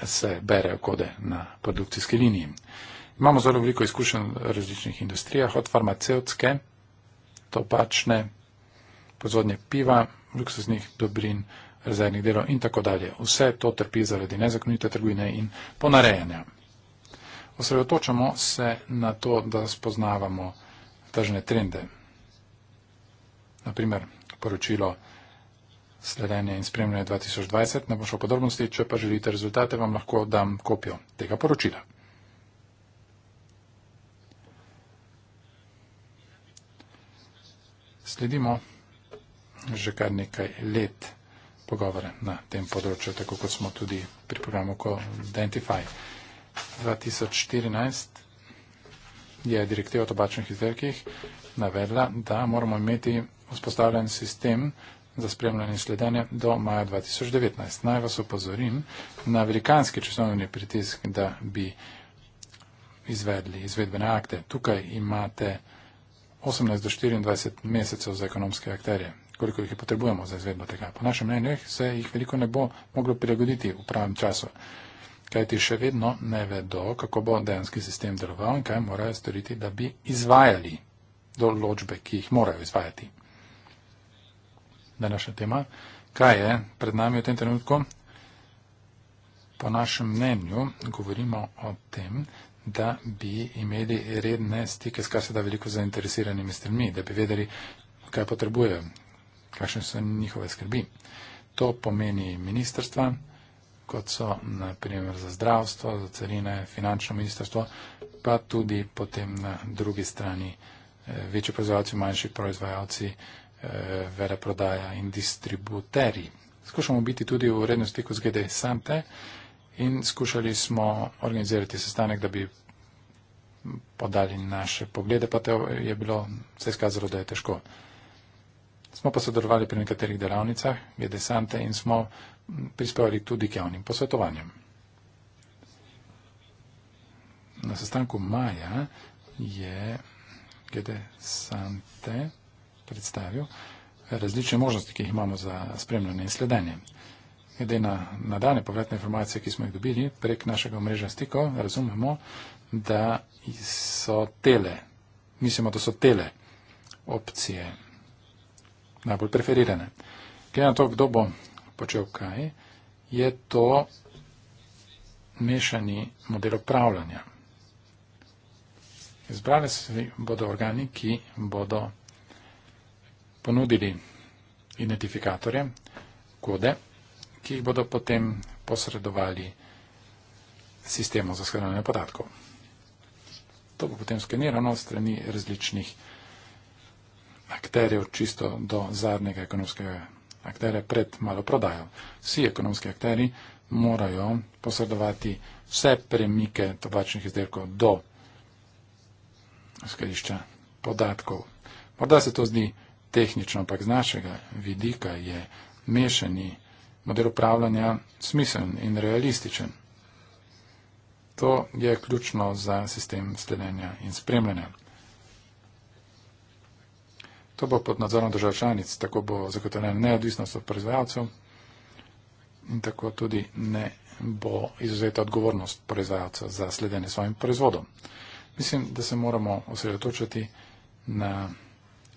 se berejo kode na produkcijski liniji. Imamo zelo veliko izkušenj v različnih industrijah, od farmaceutske, topačne, proizvodnje piva, luksuznih dobrin, rezervnih delov in tako dalje. Vse to trpi zaradi nezakonite trgovine in ponarejanja. Osredotočamo se na to, da spoznavamo tržne trende. Naprimer, poročilo sledenje in spremljanje 2020, ne bo šlo podrobnosti, če pa želite rezultate, vam lahko dam kopijo tega poročila. Sledimo že kar nekaj let pogovore na tem področju, tako kot smo tudi pri programu Co-Identify. 2014 je direktiva o tobačnih izdelkih navedla, da moramo imeti vzpostavljen sistem za spremljanje sledenja do maja 2019. Naj vas opozorim na velikanski časovni pritisk, da bi izvedli izvedbene akte. Tukaj imate 18 do 24 mesecev za ekonomske akterje koliko jih potrebujemo za izvedbo tega. Po našem mnenju se jih veliko ne bo moglo prilagoditi v pravem času, kajti še vedno ne vedo, kako bo dejanski sistem deloval in kaj morajo storiti, da bi izvajali določbe, ki jih morajo izvajati. Današnja tema. Kaj je pred nami v tem trenutku? Po našem mnenju govorimo o tem, da bi imeli redne stike s kar se da veliko zainteresiranimi stranmi, da bi vedeli, kaj potrebujejo, kakšne so njihove skrbi. To pomeni ministrstva, kot so naprimer za zdravstvo, za carine, finančno ministrstvo, pa tudi potem na drugi strani eh, večji proizvajalci, manjši proizvajalci, eh, veleprodaja in distributeri. Skušamo biti tudi v rednem stiku z GD Sante in skušali smo organizirati sestanek, da bi podali naše poglede, pa to je bilo, se je skazalo, da je težko. Smo pa sodelovali pri nekaterih delavnicah, je desante in smo prispevali tudi k javnim posvetovanjem. Na sestanku maja je Gede Sante predstavil različne možnosti, ki jih imamo za spremljanje in sledenje. Glede na nadane povratne informacije, ki smo jih dobili prek našega mreža stiko, razumemo, da so tele, mislimo, da so tele opcije najbolj preferirane. Glede na to, kdo bo počel kaj, je to mešani model upravljanja. Izbrali se bodo organi, ki bodo ponudili identifikatorje, kode, ki jih bodo potem posredovali sistemu za skrbljanje podatkov. To bo potem skenirano strani različnih organov akterjev čisto do zadnjega ekonomskega akterja pred maloprodajo. Vsi ekonomski akteri morajo posredovati vse premike tobačnih izdelkov do skladišča podatkov. Morda se to zdi tehnično, ampak z našega vidika je mešani model upravljanja smiseln in realističen. To je ključno za sistem sledenja in spremljanja. To bo pod nadzorom držav članic, tako bo zagotovljena neodvisnost od proizvajalcev in tako tudi ne bo izuzeta odgovornost proizvajalca za sledenje svojim proizvodom. Mislim, da se moramo osredotočiti na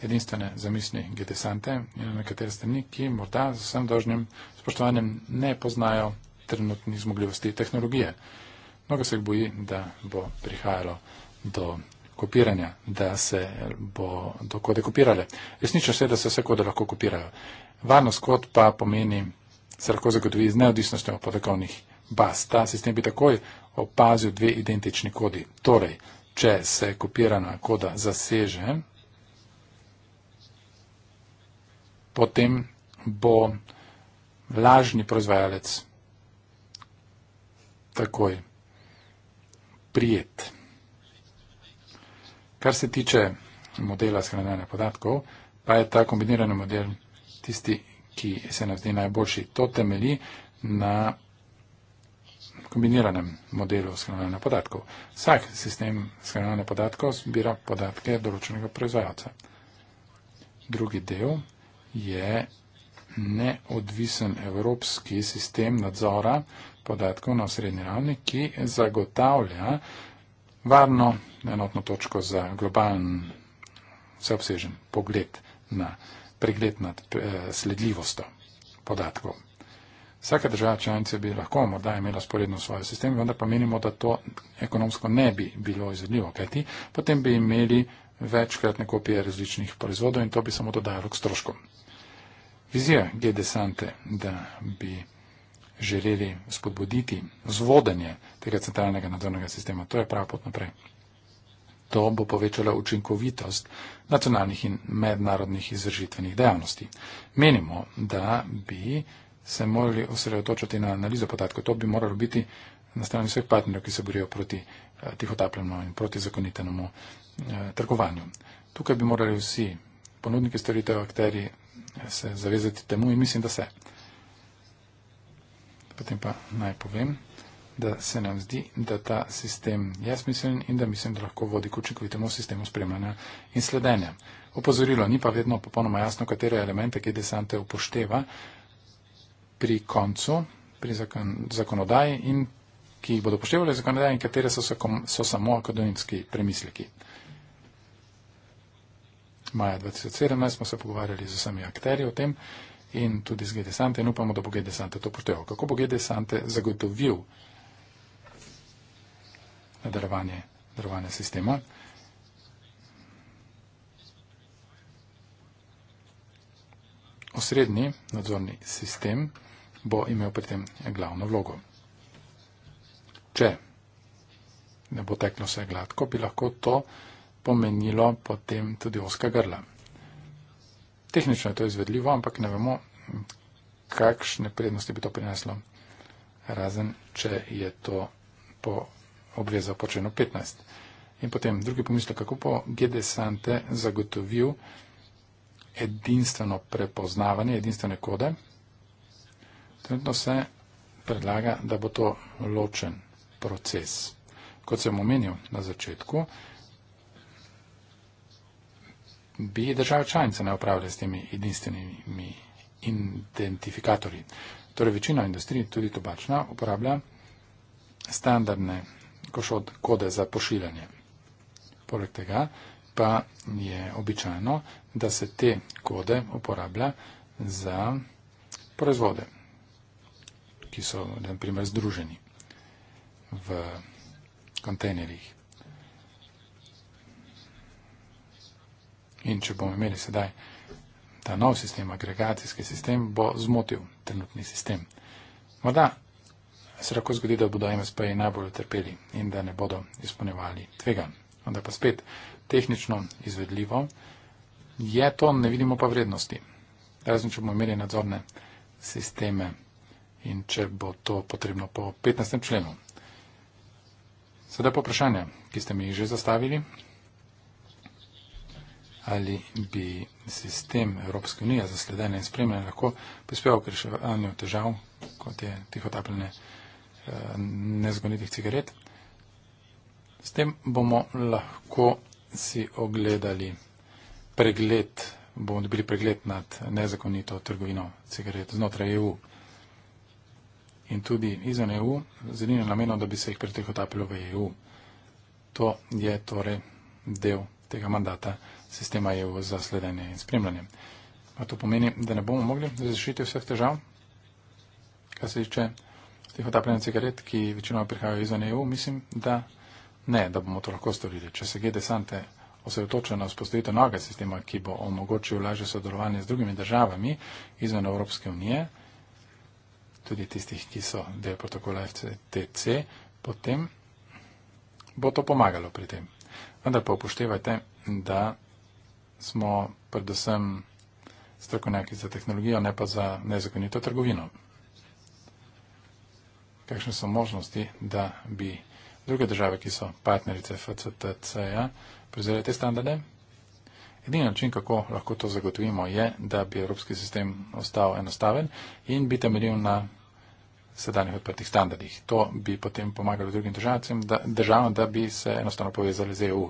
edinstvene zamisli GDSante in na nekatere strani, ki morda z vsem dožnim spoštovanjem ne poznajo trenutnih zmogljivosti tehnologije. Mnogo se jih boji, da bo prihajalo do kopiranja, da se bodo kode kopirale. Resnično se je, da se vse kode lahko kopirajo. Varnost kod pa pomeni, se lahko zagotovi z neodvisnostjo podatkovnih baz. Ta sistem bi takoj opazil dve identični kodi. Torej, če se kopirana koda zaseže, potem bo lažni proizvajalec takoj prijet. Kar se tiče modela shranjevanja podatkov, pa je ta kombinirani model tisti, ki se nam zdi najboljši. To temelji na kombiniranem modelu shranjevanja podatkov. Vsak sistem shranjevanja podatkov zbira podatke določenega proizvajalca. Drugi del je neodvisen evropski sistem nadzora podatkov na osrednji ravni, ki zagotavlja, da varno enotno točko za globalen vseobsežen pogled na pregled nad eh, sledljivostjo podatkov. Vsaka država članica bi lahko morda imela sporedno svoj sistem, vendar pa menimo, da to ekonomsko ne bi bilo izvedljivo, kajti potem bi imeli večkratne kopije različnih proizvodov in to bi samo dodalo k stroškom. Vizija G. Desante, da bi želeli spodbuditi vzvodanje tega centralnega nadzornega sistema. To je prava pot naprej. To bo povečalo učinkovitost nacionalnih in mednarodnih izvršitvenih dejavnosti. Menimo, da bi se morali osredotočiti na analizo podatkov. To bi moralo biti na strani vseh partnerjev, ki se borijo proti eh, tihotapljenemu in protizakonitenemu eh, trgovanju. Tukaj bi morali vsi ponudniki storitev, akteri eh, se zavezati temu in mislim, da se potem pa naj povem, da se nam zdi, da ta sistem je smiseln in da mislim, da lahko vodi k učinkovitemu sistemu spremljanja in sledenja. Opozorilo ni pa vedno popolnoma jasno, katere elemente, ki desante upošteva pri koncu, pri zakon, zakonodaji in ki jih bodo upoštevali zakonodaji in katere so, so, so samo akademski premisleki. Maja 2017 smo se pogovarjali z vsemi akterji o tem in tudi z GDSante in upamo, da bo GDSante to porteval. Kako bo GDSante zagotovil nadaljevanje darovanja sistema? Osrednji nadzorni sistem bo imel pri tem glavno vlogo. Če ne bo teklo vse gladko, bi lahko to pomenilo potem tudi oska grla tehnično je to izvedljivo, ampak ne vemo, kakšne prednosti bi to prineslo, razen če je to po obvezo po členu 15. In potem drugi pomislek, kako bo GD Sante zagotovil edinstveno prepoznavanje, edinstvene kode. Trenutno se predlaga, da bo to ločen proces. Kot sem omenil na začetku, bi države članice ne upravljale s temi edinstvenimi identifikatorji. Torej, večina industrij, tudi tobačna, uporablja standardne košod kode za pošiljanje. Poleg tega pa je običajno, da se te kode uporablja za proizvode, ki so, na primer, združeni v kontejnerjih. In če bomo imeli sedaj ta nov sistem, agregacijski sistem, bo zmotil trenutni sistem. Morda se lahko zgodi, da bodo MSP-ji najbolj utrpeli in da ne bodo izpolnevali tvega. Onda pa spet tehnično izvedljivo je to, ne vidimo pa vrednosti. Razen, če bomo imeli nadzorne sisteme in če bo to potrebno po 15. členu. Sedaj pa vprašanje, ki ste mi jih že zastavili ali bi sistem Evropske unije za sledenje in spremljanje lahko prispeval k reševanju težav, kot je tiho tapljanje eh, nezgonitih cigaret. S tem bomo lahko si ogledali pregled, bomo dobili pregled nad nezakonito trgovino cigaret znotraj EU in tudi izven EU, z enim namenom, da bi se jih pretekotapilo v EU. To je torej del tega mandata sistema EU za sledenje in spremljanje. Pa to pomeni, da ne bomo mogli razrešiti vseh težav, kar se tiče teh otapljanja cigaret, ki večinoma prihajajo izven EU, mislim, da ne, da bomo to lahko storili. Če se GD Sante osredotoča na vzpostavitev novega sistema, ki bo omogočil lažje sodelovanje z drugimi državami izven Evropske unije, tudi tistih, ki so del protokola FCTC, potem bo to pomagalo pri tem. Vendar pa upoštevajte, da smo predvsem strokovnjaki za tehnologijo, ne pa za nezakonito trgovino. Kakšne so možnosti, da bi druge države, ki so partnerice FCTC-ja, prevzeli te standarde? Edini način, kako lahko to zagotovimo, je, da bi evropski sistem ostal enostaven in bi temeljil na sedanjih odprtih standardih. To bi potem pomagalo drugim državam, da, državam, da bi se enostavno povezali z EU.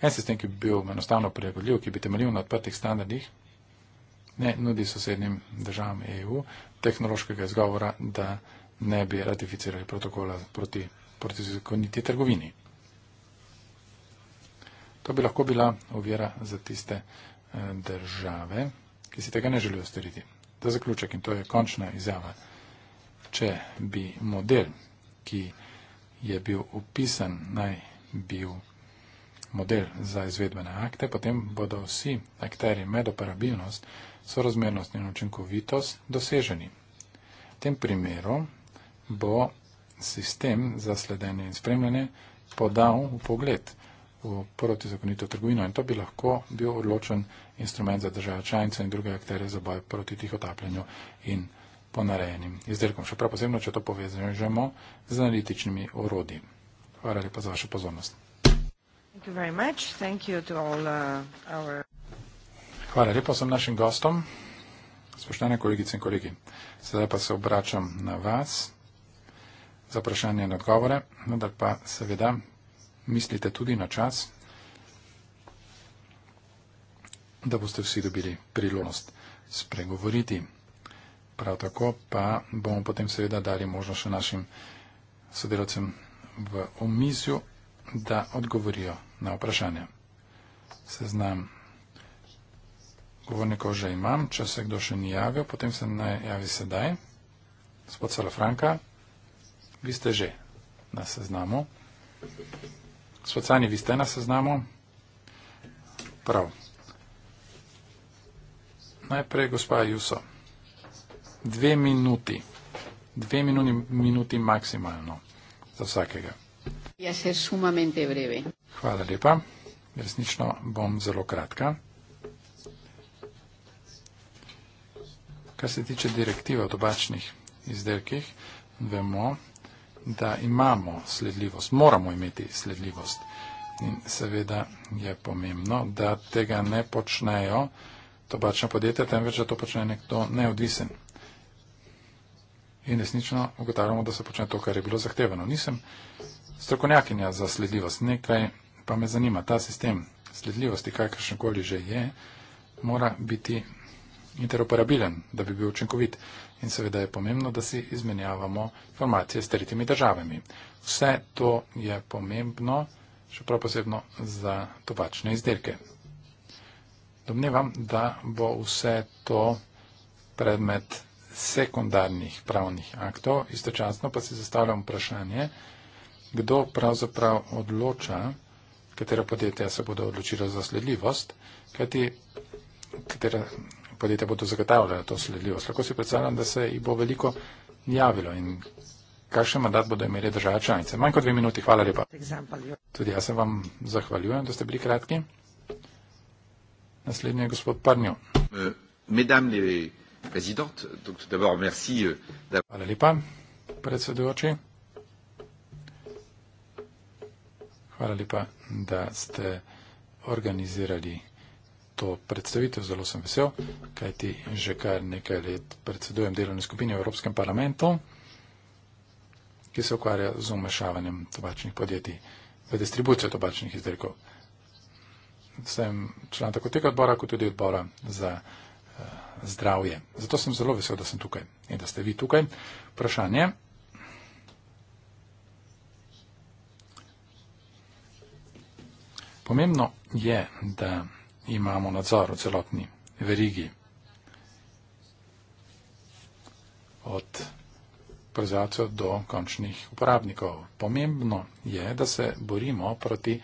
En sistem, ki bi bil enostavno prilagodljiv, ki bi temeljil na odprtih standardih, ne nudi sosednjim državam EU tehnološkega izgovora, da ne bi ratificirali protokola proti, proti zakoniti trgovini. To bi lahko bila uvira za tiste eh, države, ki si tega ne želijo storiti. Za zaključek, in to je končna izjava, če bi model, ki je bil upisan, naj bi bil model za izvedbene akte, potem bodo vsi akteri med operabilnost, sorazmernost in učinkovitost doseženi. V tem primeru bo sistem za sledenje in spremljanje podal v pogled v protizakonito trgovino in to bi lahko bil odločen instrument za države članice in druge akterje za boj proti tihotapljanju in ponarejenim izdelkom. Še prav posebno, če to povezujemo z analitičnimi orodji. Hvala lepa za vašo pozornost. Uh, Hvala lepa vsem našim gostom, spoštovane kolegice in kolegi. Sedaj pa se obračam na vas za vprašanje in odgovore, vendar pa seveda mislite tudi na čas, da boste vsi dobili priložnost spregovoriti. Prav tako pa bomo potem seveda dali možnost še našim sodelovcem v omizju, da odgovorijo na vprašanja. Seznam govornikov že imam, če se kdo še ni javil, potem se naj javi sedaj. Gospod Salafranka, vi ste že na seznamu. Gospod Sani, vi ste na seznamu. Prav. Najprej gospa Juso. Dve minuti. Dve minuti, minuti maksimalno za vsakega. Ja, ser sumamente breve. Hvala lepa. Resnično bom zelo kratka. Kar se tiče direktive o tobačnih izdelkih, vemo, da imamo sledljivost, moramo imeti sledljivost. In seveda je pomembno, da tega ne počnejo tobačna podjetja, temveč da to počne nekdo neodvisen. In resnično ugotavljamo, da se počne to, kar je bilo zahtevano. Nisem strokovnjakinja za sledljivost. Nekaj pa me zanima, ta sistem sledljivosti, kakršen koli že je, mora biti interoperabilen, da bi bil učinkovit. In seveda je pomembno, da si izmenjavamo informacije s tretjimi državami. Vse to je pomembno, še prav posebno za tobačne izdelke. Domnevam, da bo vse to predmet sekundarnih pravnih aktov, istočasno pa si zastavljam vprašanje, kdo pravzaprav odloča, katera podjetja se bodo odločila za sledljivost, kajti katera podjetja bodo zagotavljala to sledljivost. Lahko si predstavljam, da se jih bo veliko javilo in kakšen mandat bodo imeli države članice. Manj kot dve minuti, hvala lepa. Tudi jaz se vam zahvaljujem, da ste bili kratki. Naslednji je gospod Parnjo. Euh, euh, hvala lepa, predsedujoči. Hvala lepa, da ste organizirali to predstavitev. Zelo sem vesel, kaj ti že kar nekaj let predsedujem delovni skupini v Evropskem parlamentu, ki se ukvarja z umešavanjem tobačnih podjetij v distribucijo tobačnih izdelkov. Sem član tako tega odbora, kot tudi odbora za uh, zdravje. Zato sem zelo vesel, da sem tukaj in da ste vi tukaj. Vprašanje. Pomembno je, da imamo nadzor v celotni verigi od proizvajalcev do končnih uporabnikov. Pomembno je, da se borimo proti,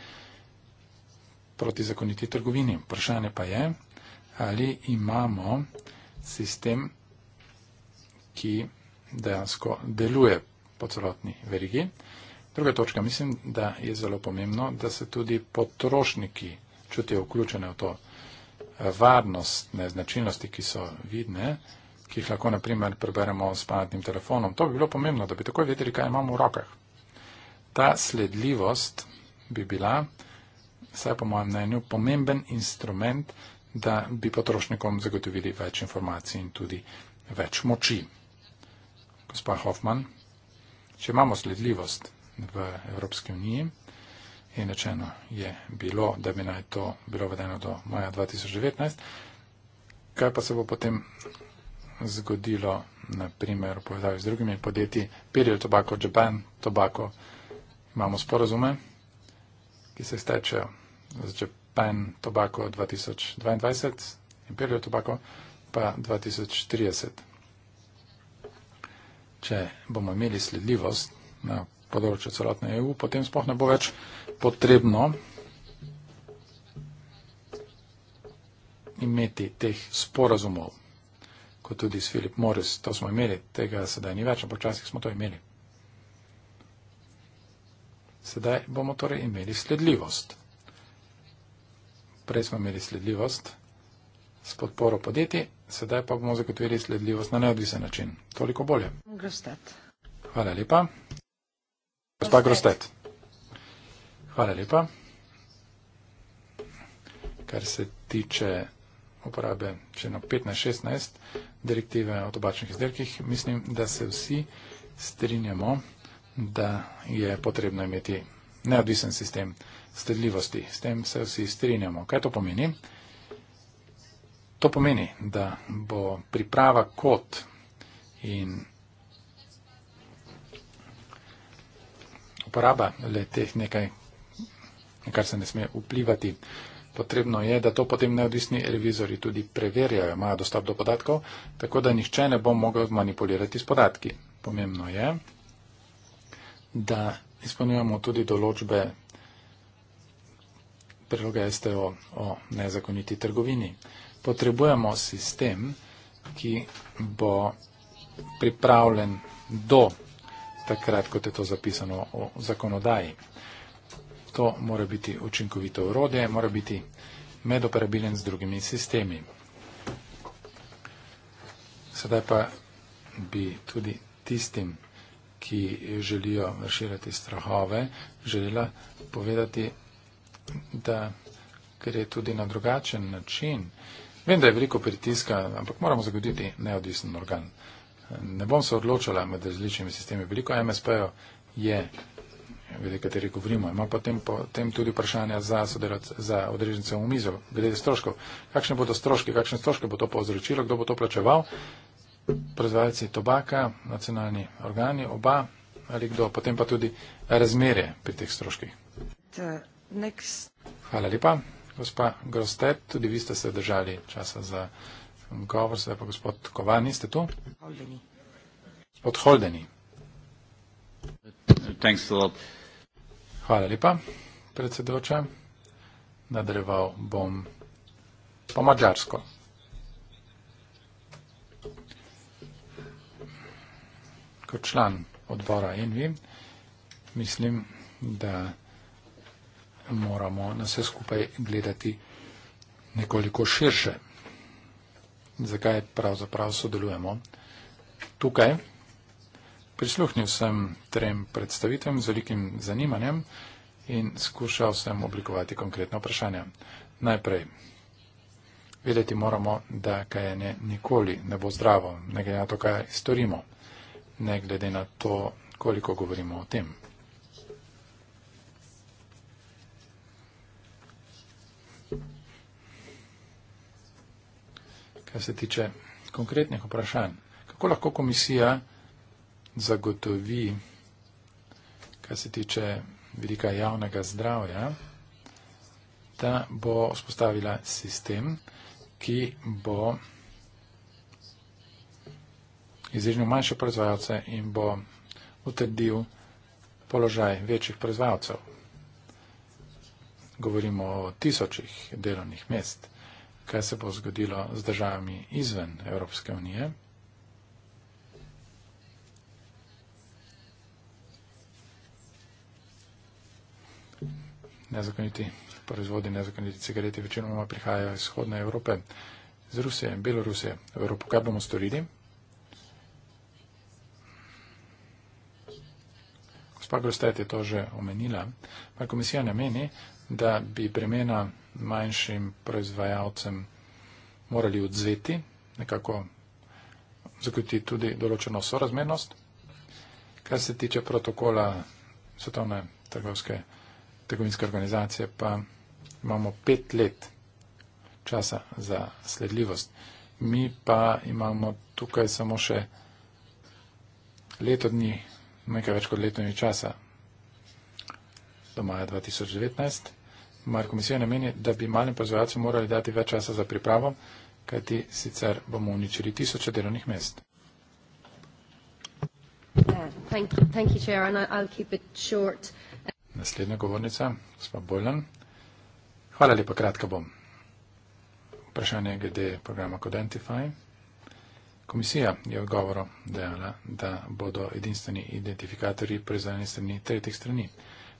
proti zakoniti trgovini. Vprašanje pa je, ali imamo sistem, ki dejansko deluje po celotni verigi. Druga točka, mislim, da je zelo pomembno, da se tudi potrošniki čutijo vključene v to eh, varnostne značilnosti, ki so vidne, ki jih lahko naprimer preberemo s pametnim telefonom. To bi bilo pomembno, da bi takoj vedeli, kaj imamo v rokah. Ta sledljivost bi bila, saj po mojem mnenju, pomemben instrument, da bi potrošnikom zagotovili več informacij in tudi več moči. Gospa Hoffman, če imamo sledljivost, v Evropski uniji. In rečeno je bilo, da bi naj to bilo vedeno do maja 2019. Kaj pa se bo potem zgodilo, naprimer, v povedavi z drugimi podjetji, Period Tobacco, Japan Tobacco, imamo sporozume, ki se stečejo z Japan Tobacco 2022 in Period Tobacco pa 2030. Če bomo imeli sledljivost na področju celotne EU, potem spoh ne bo več potrebno imeti teh sporazumov, kot tudi s Filip Morris, to smo imeli, tega sedaj ni več, ampak včasih smo to imeli. Sedaj bomo torej imeli sledljivost. Prej smo imeli sledljivost s podporo podjetij, sedaj pa bomo zagotovili sledljivost na neodvisen način. Toliko bolje. Hvala lepa. Gospa Grostet. Hvala lepa. Kar se tiče uporabe členov 15-16 direktive o tobačnih izdelkih, mislim, da se vsi strinjamo, da je potrebno imeti neodvisen sistem stedljivosti. S tem se vsi strinjamo. Kaj to pomeni? To pomeni, da bo priprava kot in uporaba le teh nekaj, kar se ne sme vplivati. Potrebno je, da to potem neodvisni revizori tudi preverjajo, imajo dostop do podatkov, tako da nihče ne bo mogel manipulirati s podatki. Pomembno je, da izpolnjujemo tudi določbe priloga STO o nezakoniti trgovini. Potrebujemo sistem, ki bo pripravljen do takrat, kot je to zapisano v zakonodaji. To mora biti učinkovito urode, mora biti medoperabilen z drugimi sistemi. Sedaj pa bi tudi tistim, ki želijo vršiti strahove, želela povedati, da gre tudi na drugačen način. Vem, da je veliko pritiska, ampak moramo zagoditi neodvisen organ ne bom se odločala med različnimi sistemi. Veliko MSP-jo je, glede kateri govorimo, ima potem, potem tudi vprašanja za, za odrežence v mizo, glede stroškov. Kakšne bodo stroške, kakšne stroške bo to povzročilo, kdo bo to plačeval? Proizvajalci tobaka, nacionalni organi, oba ali kdo, potem pa tudi razmere pri teh stroških. Hvala lepa, gospa Grostet, tudi vi ste se držali časa za. Govor se pa gospod Kovani, ste tu? Holdeni. Gospod Holdeni. Hvala lepa, predsedoča. Nadaljeval bom po mađarsko. Kot član odbora ENVI mislim, da moramo na vse skupaj gledati nekoliko širše zakaj pravzaprav sodelujemo. Tukaj prisluhnil sem trem predstavitvam z velikim zanimanjem in skušal sem oblikovati konkretno vprašanje. Najprej, vedeti moramo, da kajenje nikoli ne bo zdravo, ne glede na to, kaj storimo, ne glede na to, koliko govorimo o tem. kar se tiče konkretnih vprašanj. Kako lahko komisija zagotovi, kar se tiče velika javnega zdravja, da bo vzpostavila sistem, ki bo izrežnil manjše proizvajalce in bo utrdil položaj večjih proizvajalcev. Govorimo o tisočih delovnih mest kaj se bo zgodilo z državami izven Evropske unije. Nezakoniti proizvodi, nezakoniti cigareti večinoma prihajajo iz vzhodne Evrope, iz Rusije, Belorusije, Evropo. Kaj bomo storili? Gospa Grostet je to že omenila. Pa komisija ne meni, da bi bremena manjšim proizvajalcem morali odzveti, nekako zakriti tudi določeno sorazmernost. Kar se tiče protokola Svetovne trgovske trgovinske organizacije, pa imamo pet let časa za sledljivost. Mi pa imamo tukaj samo še leto dni nekaj več kot letošnji časa, do maja 2019. Mar komisija ne meni, da bi malim proizvajalcem morali dati več časa za pripravo, kajti sicer bomo uničili tisoče delovnih mest. Uh, Naslednja govornica, gospod Bojlan. Hvala lepa, kratka bom. Vprašanje glede programa Codentify. Komisija je odgovoro dejala, da bodo edinstveni identifikatorji proizvedeni strani tretjih strani,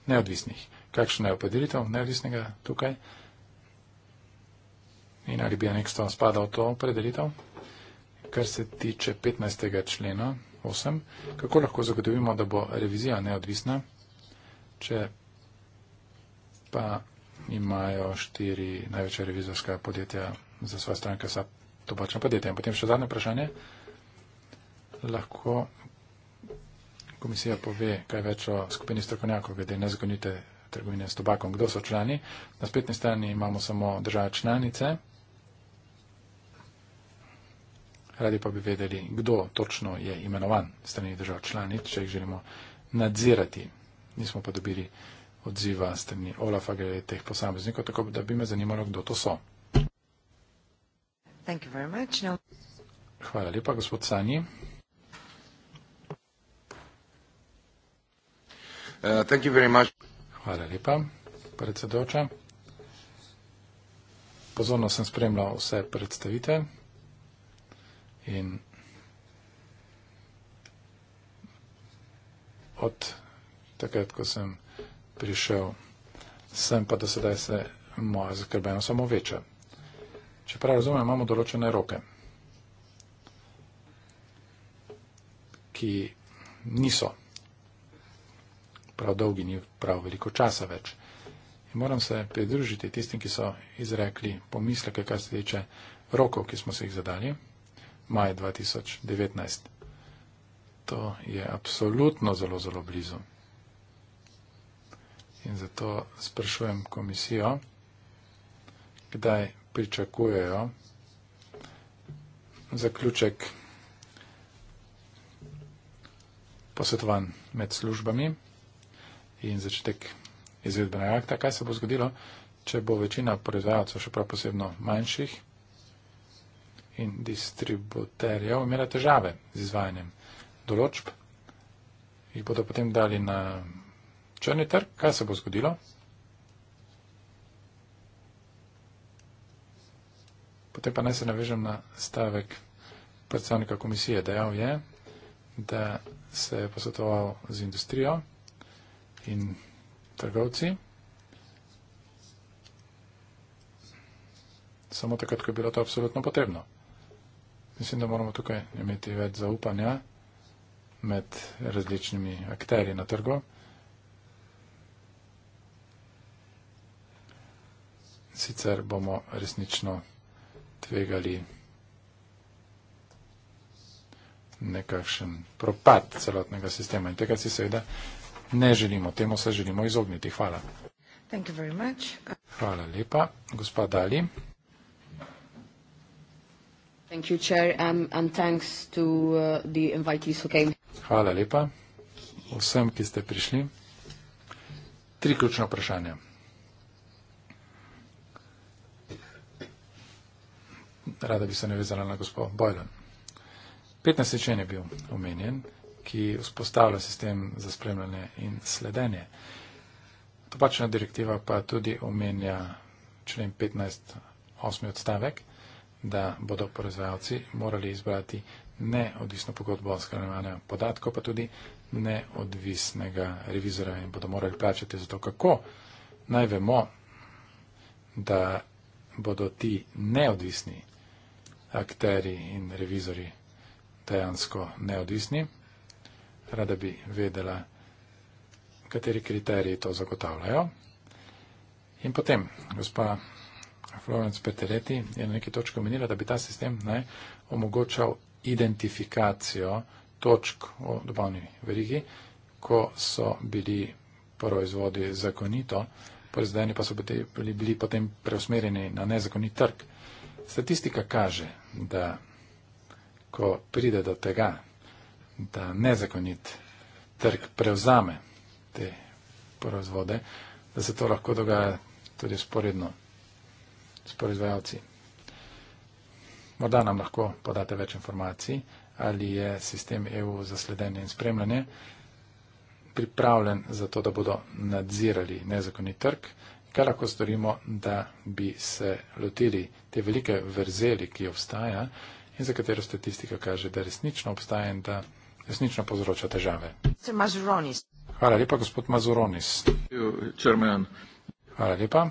neodvisnih. Kakšna je opredelitev neodvisnega tukaj? In ali bi aneksto spadal to opredelitev? Kar se tiče 15. člena 8, kako lahko zagotovimo, da bo revizija neodvisna, če pa imajo štiri največja revizorska podjetja za svoje stranke tobačno podjetje. In potem še zadnje vprašanje. Lahko komisija pove kaj več o skupini strokovnjakov, glede nezakonite trgovine s tobakom, kdo so člani. Na spletni strani imamo samo države članice. Radi pa bi vedeli, kdo točno je imenovan strani držav članic, če jih želimo nadzirati. Nismo pa dobili odziva strani OLAF-a glede teh posameznikov, tako da bi me zanimalo, kdo to so. Thank you very much. Now- Hvala lepa, gospod Sanji. Uh, thank you very much. Hvala lepa, predsedoča. Pozorno sem spremljal vse predstavite in od takrat, ko sem prišel sem, pa do sedaj se moja zakrbenost samo veča. Če prav razumem, imamo določene roke, ki niso prav dolgi, ni prav veliko časa več. In moram se pridružiti tistim, ki so izrekli pomisleke, kar se tiče rokov, ki smo se jih zadali, maj 2019. To je absolutno zelo, zelo blizu. In zato sprašujem komisijo, kdaj pričakujejo. Zaključek posvetovan med službami in začetek izvedbenega akta, kaj se bo zgodilo, če bo večina proizvajalcev, še prav posebno manjših in distributerjev, imela težave z izvajanjem določb, jih bodo potem dali na črni trg, kaj se bo zgodilo. Potem pa naj se navežem na stavek predstavnika komisije. Dejal je, da se je posvetoval z industrijo in trgovci. Samo takrat, ko je bilo to absolutno potrebno. Mislim, da moramo tukaj imeti več zaupanja med različnimi akterji na trgu. Sicer bomo resnično vsega tvegali nekakšen propad celotnega sistema. In tega si seveda ne želimo, temu se želimo izogniti. Hvala. Thank you very much. Hvala lepa. Gospa Dali. Thank you, chair, um, and thanks to uh, the invitees who came. Hvala lepa vsem, ki ste prišli. Tri ključna vprašanja. rada bi se navezala na gospod Bojlen. 15. člen je bil omenjen, ki vzpostavlja sistem za spremljanje in sledenje. Topačna direktiva pa tudi omenja člen 15. osmi odstavek, da bodo porezvajalci morali izbrati neodvisno pogodbo o skranjevanju podatkov, pa tudi neodvisnega revizora in bodo morali plačati za to, kako naj vemo, da bodo ti neodvisni akteri in revizori dejansko neodvisni. Rada bi vedela, kateri kriteriji to zagotavljajo. In potem, gospa Florence Petereti je na neki točki omenila, da bi ta sistem naj omogočal identifikacijo točk v dobavni verigi, ko so bili proizvodi zakonito, proizvedeni pa so bili, bili potem preusmerjeni na nezakonit trg. Statistika kaže, da ko pride do tega, da nezakonit trg prevzame te proizvode, da se to lahko dogaja tudi sporedno s proizvajalci. Morda nam lahko podate več informacij, ali je sistem EU za sledenje in spremljanje pripravljen za to, da bodo nadzirali nezakonit trg kaj lahko storimo, da bi se lotili te velike vrzeli, ki obstaja in za katero statistika kaže, da resnično obstaja in da resnično povzroča težave. Hvala lepa, gospod Mazuronis. Hvala lepa,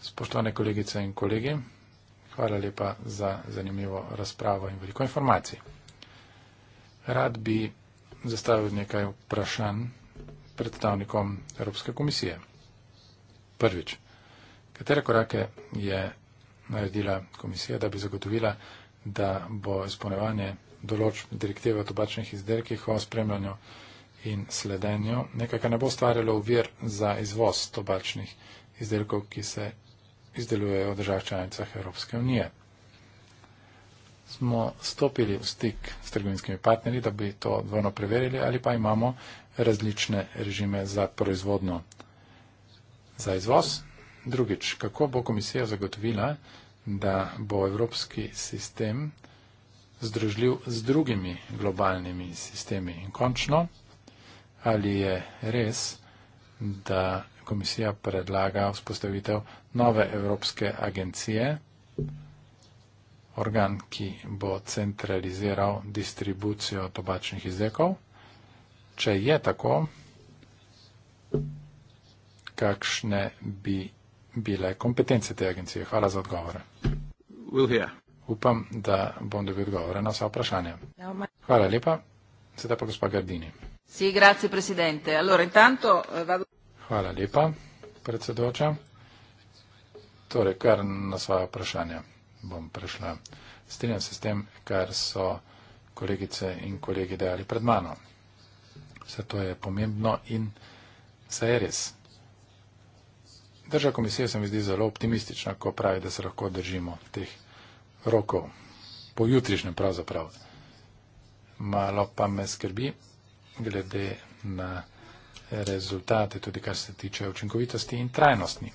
spoštovane kolegice in kolegi. Hvala lepa za zanimivo razpravo in veliko informacij. Rad bi zastavil nekaj vprašanj predstavnikom Evropske komisije prvič. Katere korake je naredila komisija, da bi zagotovila, da bo izpolnevanje določb direktive o tobačnih izdelkih o spremljanju in sledenju nekaj, kar ne bo stvarjalo uvir za izvoz tobačnih izdelkov, ki se izdelujejo v državah članicah Evropske unije. Smo stopili v stik s trgovinskimi partnerji, da bi to dvojno preverili ali pa imamo različne režime za proizvodno za izvoz. Drugič, kako bo komisija zagotovila, da bo evropski sistem združljiv z drugimi globalnimi sistemi. In končno, ali je res, da komisija predlaga vzpostavitev nove evropske agencije, organ, ki bo centraliziral distribucijo tobačnih izdelkov. Če je tako, kakšne bi bile kompetence te agencije. Hvala za odgovore. We'll Upam, da bom dobil odgovore na vsa vprašanja. Ja, Hvala lepa. Sedaj pa gospa Gardini. Si, grazie, presidente. Allora, intanto, eh, vado... Hvala lepa, predsedoča. Torej, kar na svoje vprašanje bom prešla. Strinjam se s tem, kar so kolegice in kolegi dejali pred mano. Vse to je pomembno in vse je res. Drža komisija se mi zdi zelo optimistična, ko pravi, da se lahko držimo teh rokov po jutrišnjem pravzaprav. Malo pa me skrbi glede na rezultate, tudi kar se tiče učinkovitosti in trajnosti,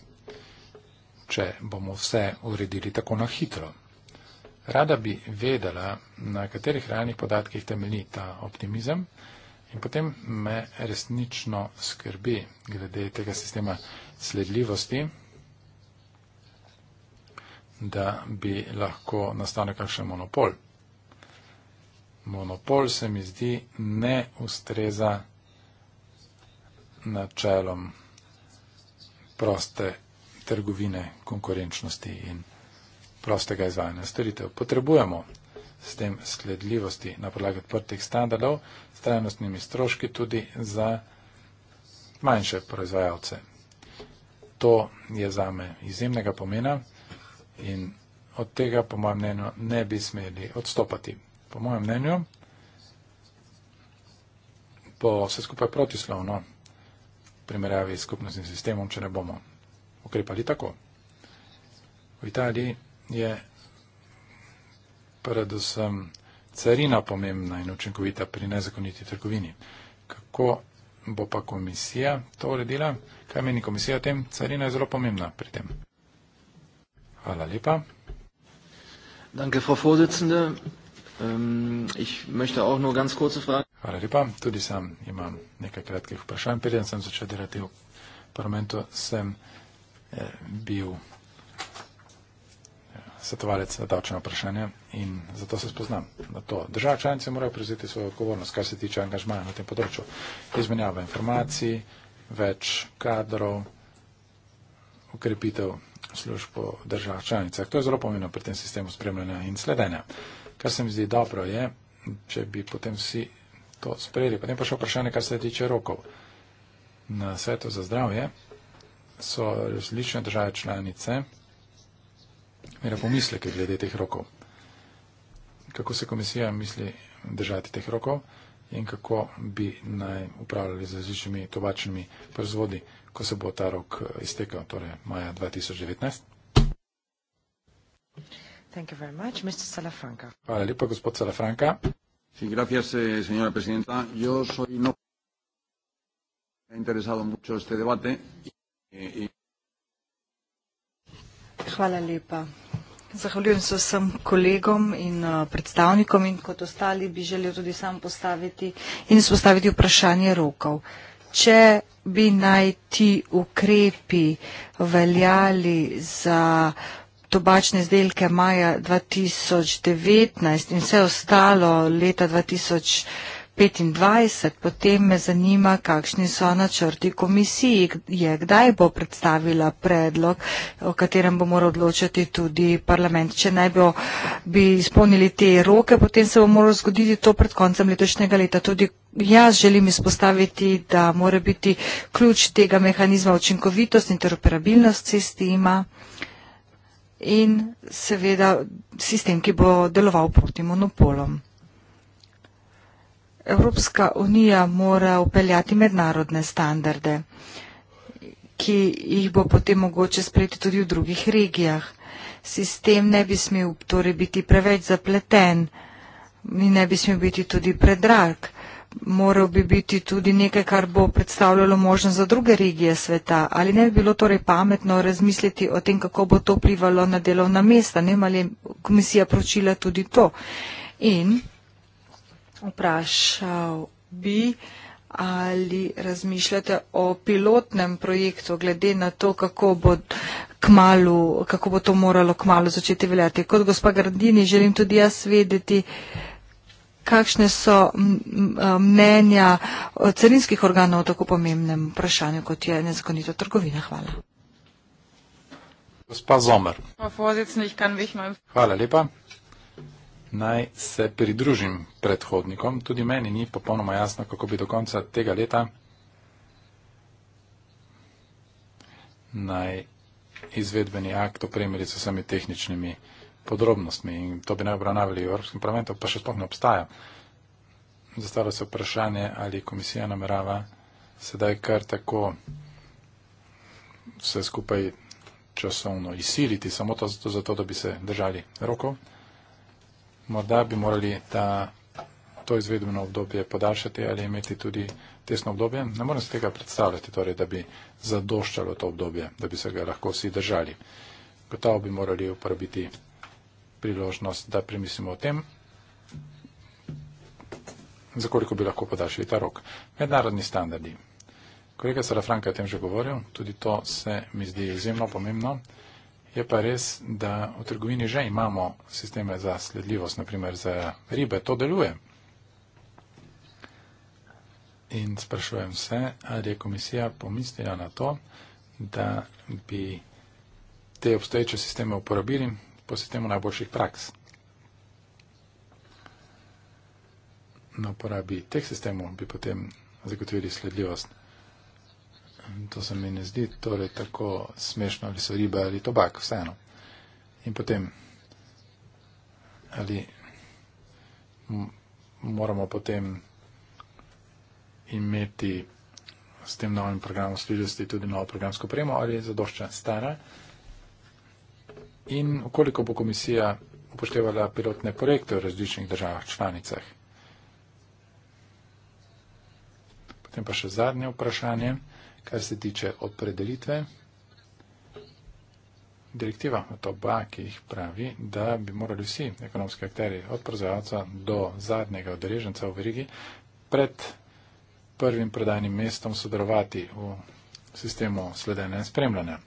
če bomo vse uredili tako na hitro. Rada bi vedela, na katerih realnih podatkih temelji ta optimizem in potem me resnično skrbi glede tega sistema sledljivosti, da bi lahko nastal nekakšen monopol. Monopol se mi zdi ne ustreza načelom proste trgovine, konkurenčnosti in prostega izvajanja storitev. Potrebujemo s tem sledljivosti na podlagi odprtih standardov, trajnostnimi stroški tudi za manjše proizvajalce to je za me izjemnega pomena in od tega, po mojem mnenju, ne bi smeli odstopati. Po mojem mnenju, bo vse skupaj protislovno v primerjavi s skupnostnim sistemom, če ne bomo ukrepali tako. V Italiji je predvsem carina pomembna in učinkovita pri nezakoniti trgovini. Kako bo pa komisija to uredila? kaj meni komisija o tem, carina je zelo pomembna pri tem. Hvala lepa. Danke, Frau Vorsitzende. Um, ich möchte auch nur ganz kurze Frage. Hvala lepa. Tudi sam imam nekaj kratkih vprašanj. Preden sem začel delati v parlamentu, sem eh, bil eh, svetovalec za davčne vprašanja in zato se spoznam na to. Država članice morajo prevzeti svojo odgovornost, kar se tiče angažmaja na tem področju. Izmenjava informacij, več kadrov, ukrepitev služb po državah članicah. To je zelo pomembno pri tem sistemu spremljanja in sledenja. Kar se mi zdi dobro je, če bi potem vsi to sprejeli. Potem pa še vprašanje, kar se tiče rokov. Na svetu za zdravje so različne države članice imele pomisleke glede teh rokov. Kako se komisija misli držati teh rokov? in kako bi naj upravljali z različnimi tobačnimi proizvodi, ko se bo ta rok eh, iztekel, torej maja 2019. Hvala lepa, gospod Salafranka. Eh, no eh, Hvala lepa, Zahvaljujem se vsem kolegom in uh, predstavnikom in kot ostali bi želel tudi sam postaviti in spostaviti vprašanje rokov. Če bi naj ti ukrepi veljali za tobačne izdelke maja 2019 in vse ostalo leta 2019, 25, potem me zanima, kakšni so načrti komisiji, je, kdaj bo predstavila predlog, o katerem bo moral odločati tudi parlament. Če ne bi, bi izpolnili te roke, potem se bo moralo zgoditi to pred koncem letošnjega leta. Tudi jaz želim izpostaviti, da mora biti ključ tega mehanizma učinkovitost, interoperabilnost sistema in seveda sistem, ki bo deloval proti monopolom. Evropska unija mora upeljati mednarodne standarde, ki jih bo potem mogoče sprejeti tudi v drugih regijah. Sistem ne bi smel torej biti preveč zapleten in ne bi smel biti tudi predrag. Moral bi biti tudi nekaj, kar bo predstavljalo možnost za druge regije sveta. Ali ne bi bilo torej pametno razmisliti o tem, kako bo to vplivalo na delovna mesta? Ne, ali je komisija pročila tudi to? In vprašal bi, ali razmišljate o pilotnem projektu, glede na to, kako bo, kmalu, kako bo to moralo kmalo začeti veljati. Kot gospa Gardini želim tudi jaz vedeti, kakšne so mnenja carinskih organov o tako pomembnem vprašanju, kot je nezakonito trgovina. Hvala. Gospa Zomer. Hvala lepa naj se pridružim predhodnikom. Tudi meni ni popolnoma jasno, kako bi do konca tega leta naj izvedbeni akt opremili s vsemi tehničnimi podrobnostmi in to bi naj obravnavali v Evropskem parlamentu, pa še sploh ne obstaja. Zastavlja se vprašanje, ali komisija namerava sedaj kar tako vse skupaj časovno izsiliti, samo to zato, da bi se držali rokov morda bi morali ta, to izvedbeno obdobje podaljšati ali imeti tudi tesno obdobje. Ne morem se tega predstavljati, torej, da bi zadoščalo to obdobje, da bi se ga lahko vsi držali. Gotovo bi morali uporabiti priložnost, da premislimo o tem, zakoliko bi lahko podaljšali ta rok. Mednarodni standardi. Kolega Sarafranka je o tem že govoril, tudi to se mi zdi izjemno pomembno. Je pa res, da v trgovini že imamo sisteme za sledljivost, naprimer za ribe, to deluje. In sprašujem se, ali je komisija pomislila na to, da bi te obstoječe sisteme uporabili po sistemu najboljših praks. Na uporabi teh sistemov bi potem zagotovili sledljivost to se mi ne zdi torej tako smešno, ali so ribe ali tobak, vseeno. In potem, ali moramo potem imeti s tem novim programom služnosti tudi novo programsko premo, ali je zadošča stara. In koliko bo komisija upoštevala pilotne projekte v različnih državah članicah. Potem pa še zadnje vprašanje kar se tiče opredelitve. Direktiva OTOBA, ki jih pravi, da bi morali vsi ekonomski akteri od proizvajalca do zadnjega odreženca v verigi pred prvim predajnim mestom sodelovati v sistemu sledenja in spremljanja.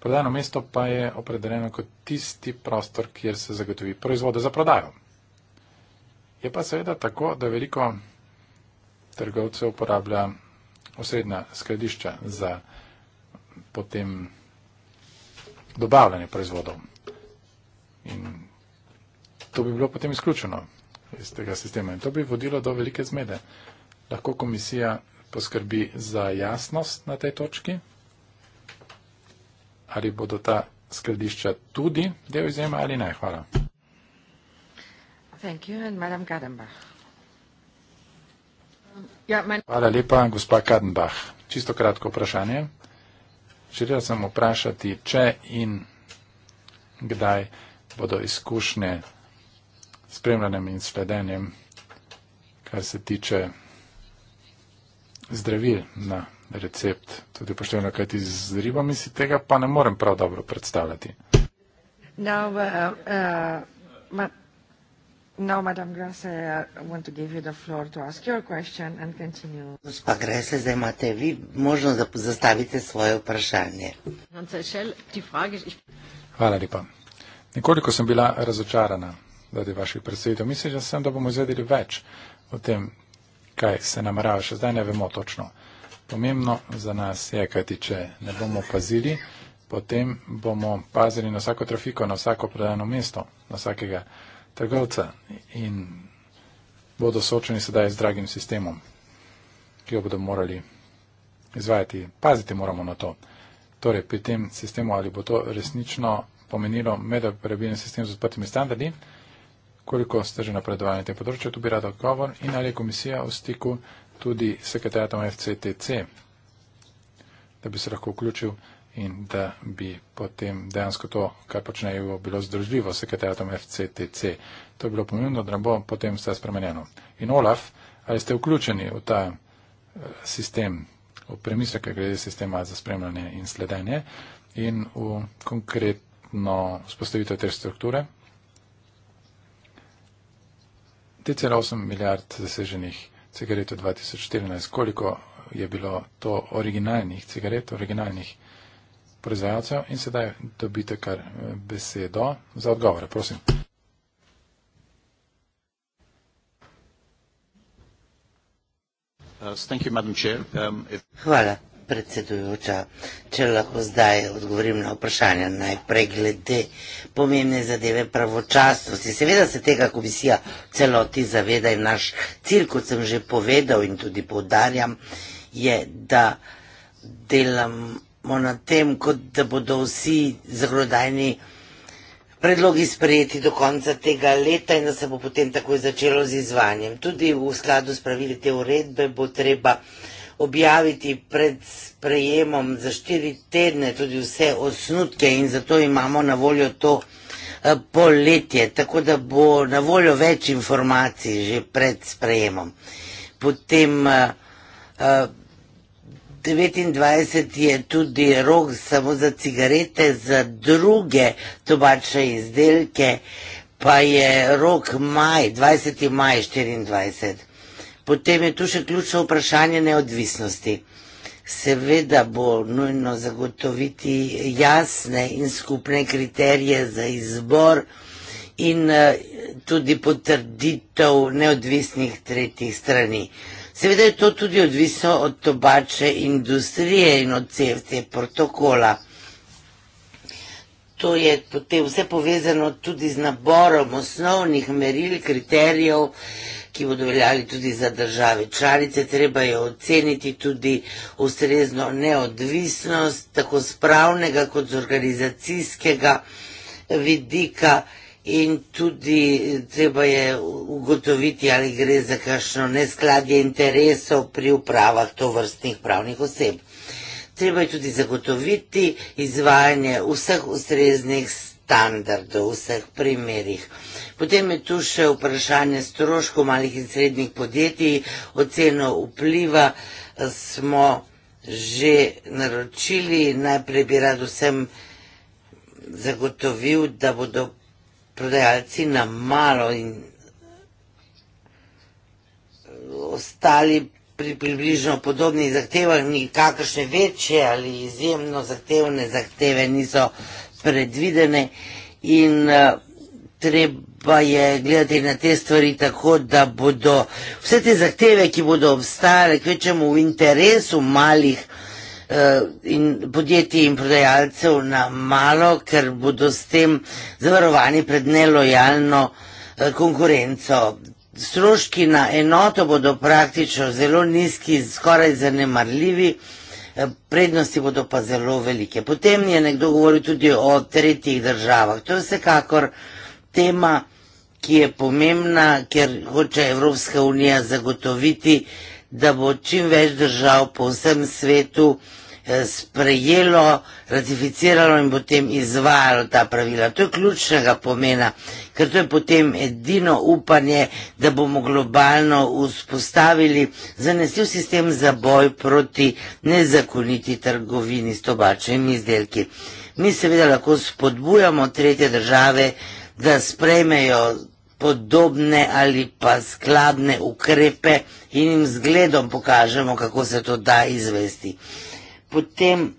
Prodajno mesto pa je opredeljeno kot tisti prostor, kjer se zagotovi proizvode za prodajo. Je pa seveda tako, da veliko trgovcev uporablja osrednja skladišča za potem dobavljanje proizvodov. In to bi bilo potem izključeno iz tega sistema in to bi vodilo do velike zmede. Lahko komisija poskrbi za jasnost na tej točki, ali bodo ta skladišča tudi del izjema ali ne. Hvala. Thank you and Madam Gadenbach. Ja, Hvala lepa, gospa Kadenbach. Čisto kratko vprašanje. Želela sem vprašati, če in kdaj bodo izkušnje s spremljanjem in sledenjem, kar se tiče zdravil na recept, tudi upoštevno, kaj ti z ribami si tega pa ne morem prav dobro predstavljati. Now, uh, uh, Now, Madam Grasse, I want to give you the floor to ask your question and continue. Gospa Grasse, zdaj imate vi možnost, da zastavite svoje vprašanje. Hvala lepa. Nekoliko sem bila razočarana zaradi vaših predstavitev. Mislim, da sem, da bomo izvedeli več o tem, kaj se namerava. Še zdaj ne vemo točno. Pomembno za nas je, kajti če ne bomo pazili, potem bomo pazili na vsako trafiko, na vsako predano mesto, na vsakega trgovca in bodo soočeni sedaj z dragim sistemom, ki jo bodo morali izvajati. Paziti moramo na to. Torej, pri tem sistemu, ali bo to resnično pomenilo medoperabilni sistem z odprtimi standardi, koliko ste že napredovali na tem področju, tu bi rada odgovor in ali je komisija v stiku tudi s sekretarjatom FCTC, da bi se lahko vključil in da bi potem dejansko to, kar počnejo, bilo združljivo s sekretariatom FCTC. To je bilo pomembno, da ne bo potem vse spremenjeno. In Olaf, ali ste vključeni v ta eh, sistem, v premisleke glede sistema za spremljanje in sledenje in v konkretno spostavitev te strukture? 3,8 milijard zaseženih cigaret v 2014, koliko je bilo to originalnih cigaret, originalnih cigaret? proizvajalcev in sedaj dobite kar eh, besedo za odgovore. Prosim. Uh, um, Hvala, predsedujoča. Če lahko zdaj odgovorim na vprašanje najprej glede pomembne zadeve pravočasnosti. Seveda se tega komisija celoti zaveda in naš cilj, kot sem že povedal in tudi povdarjam, je, da delam delamo na tem, kot da bodo vsi zakonodajni predlogi sprejeti do konca tega leta in da se bo potem takoj začelo z izvanjem. Tudi v skladu s pravili te uredbe bo treba objaviti pred sprejemom za štiri tedne tudi vse osnutke in zato imamo na voljo to eh, poletje, tako da bo na voljo več informacij že pred sprejemom. Potem uh, uh, 29 je tudi rok samo za cigarete, za druge tobačne izdelke pa je rok maj, 20. maj 24. Potem je tu še ključno vprašanje neodvisnosti. Seveda bo nujno zagotoviti jasne in skupne kriterije za izbor in eh, tudi potrditev neodvisnih tretjih strani. Seveda je to tudi odvisno od tobače industrije in od certije protokola. To je potem vse povezano tudi z naborom osnovnih meril, kriterijev, ki bodo veljali tudi za države članice. Treba je oceniti tudi ustrezno neodvisnost, tako spravnega kot z organizacijskega vidika in tudi eh, treba je ugotoviti, ali gre za kakšno neskladje interesov pri upravah to vrstnih pravnih oseb. Treba je tudi zagotoviti izvajanje vseh ustreznih standardov v vseh primerjih. Potem je tu še vprašanje stroškov malih in srednjih podjetij, oceno vpliva eh, smo že naročili, najprej bi rad vsem zagotovil, da bodo prodajalci na malo in ostali pri približno podobnih zahtevah nikakršne večje ali izjemno zahtevne zahteve niso predvidene in eh, treba je gledati na te stvari tako, da bodo vse te zahteve, ki bodo obstajale, kvečemo v interesu malih zahtev, Eh, in podjetij in prodajalcev na malo, ker bodo s tem zavarovani pred nelojalno eh, konkurenco. Stroški na enoto bodo praktično zelo nizki, skoraj zanemarljivi, eh, prednosti bodo pa zelo velike. Potem je nekdo govoril tudi o tretjih državah. To je vsekakor tema, ki je pomembna, ker hoče Evropska unija zagotoviti, da bo čim več držav po vsem svetu eh, sprejelo, ratificiralo in potem izvajalo ta pravila. To je ključnega pomena, ker to je potem edino upanje, da bomo globalno vzpostavili zanesljiv sistem za boj proti nezakoniti trgovini s tobačnimi izdelki. Mi seveda lahko spodbujamo tretje države, da sprejmejo podobne ali pa skladne ukrepe in jim zgledom pokažemo, kako se to da izvesti. Potem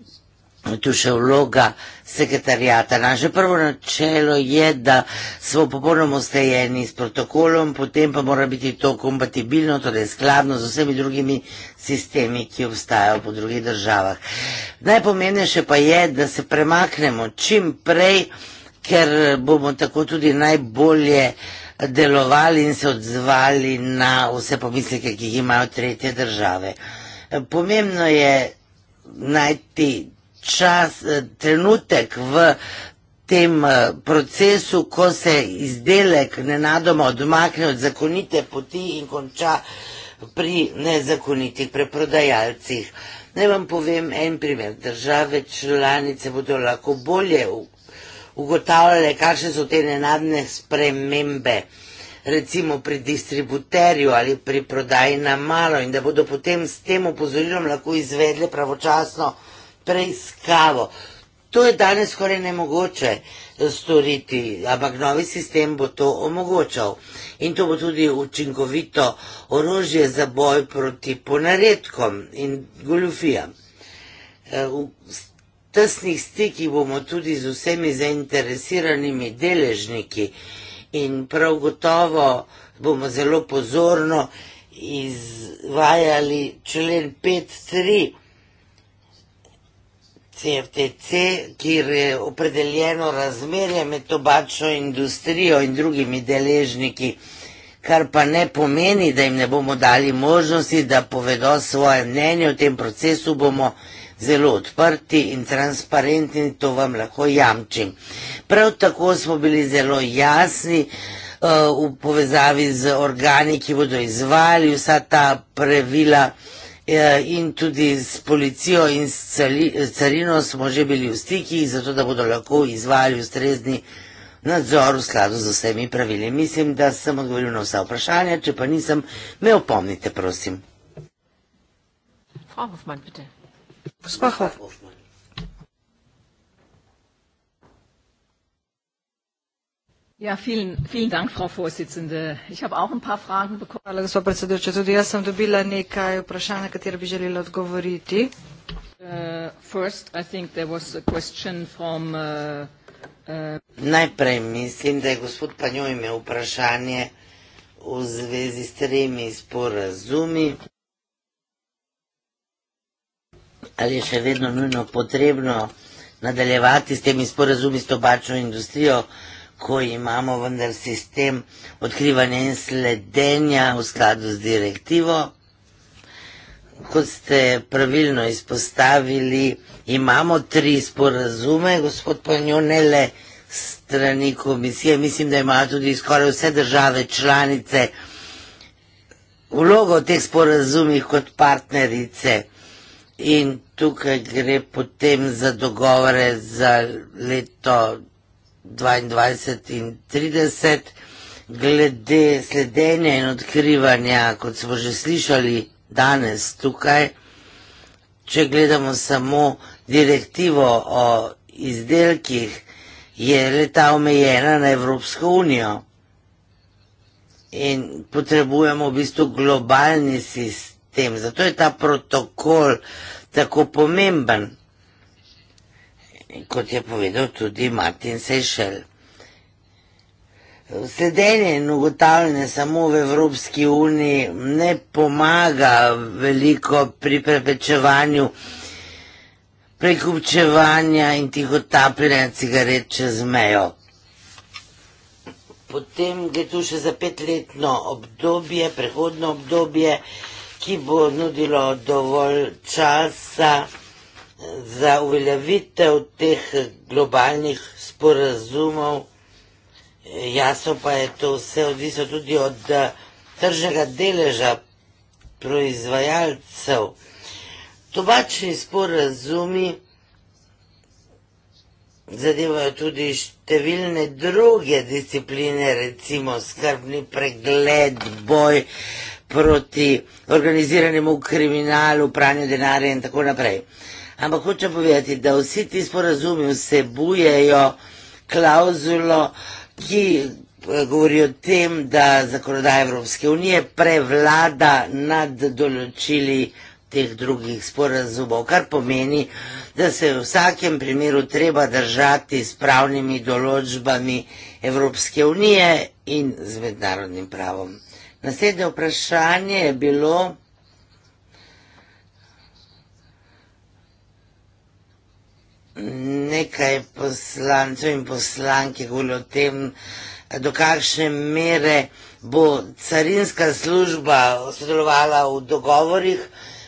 tu še vloga sekretarijata. Naše prvo načelo je, da smo popolnoma ustajeni s protokolom, potem pa mora biti to kompatibilno, torej skladno z vsemi drugimi sistemi, ki obstajajo po drugih državah. Najpomembnejše pa je, da se premaknemo čim prej, ker bomo tako tudi najbolje uh, delovali in se odzvali na vse pomisleke, ki jih imajo tretje države. Pomembno je najti čas, eh, trenutek v tem eh, procesu, ko se izdelek nenadoma odmakne od zakonite poti in konča pri nezakonitih preprodajalcih. Naj vam povem en primer. Države članice bodo lahko bolje ugotavljale, kakšne so te nenadne spremembe, recimo pri distributerju ali pri prodaji na malo in da bodo potem s tem upozorilom lahko izvedle pravočasno preiskavo. To je danes skoraj nemogoče storiti, ampak novi sistem bo to omogočal. In to bo tudi učinkovito orožje za boj proti ponaredkom in goljufijam. E, tesnih stikih bomo tudi z vsemi zainteresiranimi deležniki in prav gotovo bomo zelo pozorno izvajali člen 5.3 CFTC, kjer je opredeljeno razmerje med tobačno industrijo in drugimi deležniki, kar pa ne pomeni, da jim ne bomo dali možnosti, da povedo svoje mnenje o tem procesu, bomo izvajali zelo odprti in transparentni, to vam lahko jamčim. Prav tako smo bili zelo jasni uh, v povezavi z organi, ki bodo izvali vsa ta pravila uh, in tudi s policijo in s carino smo že bili v stikih, zato da bodo lahko izvali ustrezni nadzor v skladu z vsemi pravili. Mislim, da sem odgovoril na vsa vprašanja, če pa nisem, me opomnite, prosim. Frau Hoffmann, bitte. Gospa Hofman. Ja, vielen, vielen Dank, Frau Vorsitzende. Ich habe auch ein paar Fragen bekommen. Hvala, gospod predsedujoča. Tudi jaz sem dobila nekaj vprašanj, na katere bi želela odgovoriti. Uh, uh, uh, Najprej mislim, da je gospod Panjo imel vprašanje v zvezi s tremi sporazumi ali je še vedno nujno potrebno nadaljevati s temi sporazumi s tobačno industrijo, ko imamo vendar sistem odkrivanja in sledenja v skladu z direktivo. Kot ste pravilno izpostavili, imamo tri sporazume, gospod Panjo, ne le strani komisije, mislim, da imajo tudi skoraj vse države članice vlogo v teh sporazumih kot partnerice. In tukaj gre potem za dogovore za leto 22 in 30, glede sledenja in odkrivanja, kot smo že slišali danes tukaj, če gledamo samo direktivo o izdelkih, je leta omejena na Evropsko unijo in potrebujemo v bistvu globalni sistem. Zato je ta protokol tako pomemben, kot je povedal tudi Martin Sešel. Sedenje in ugotavljanje samo v Evropski uniji ne pomaga veliko pri preprečevanju prekupčevanja in tihotapljanja cigaret čez mejo. Potem gre tu še za petletno obdobje, prehodno obdobje ki bo nudilo dovolj časa za uveljavitev teh globalnih sporazumov. Jasno pa je to vse odvisno tudi od eh, tržnega deleža proizvajalcev. Tobačni sporazumi zadevajo tudi številne druge discipline, recimo skrbni pregled, boj proti organiziranemu kriminalu, pranju denarja in tako naprej. Ampak hočem povedati, da vsi ti sporazumi vsebujejo klauzulo, ki eh, govori o tem, da zakonodaja Evropske unije prevlada nad določili teh drugih sporazumov, kar pomeni, da se v vsakem primeru treba držati s pravnimi določbami Evropske unije in z mednarodnim pravom. Naslednje vprašanje je bilo, nekaj poslancev in poslanke govorijo o tem, do kakšne mere bo carinska služba sodelovala v dogovorih.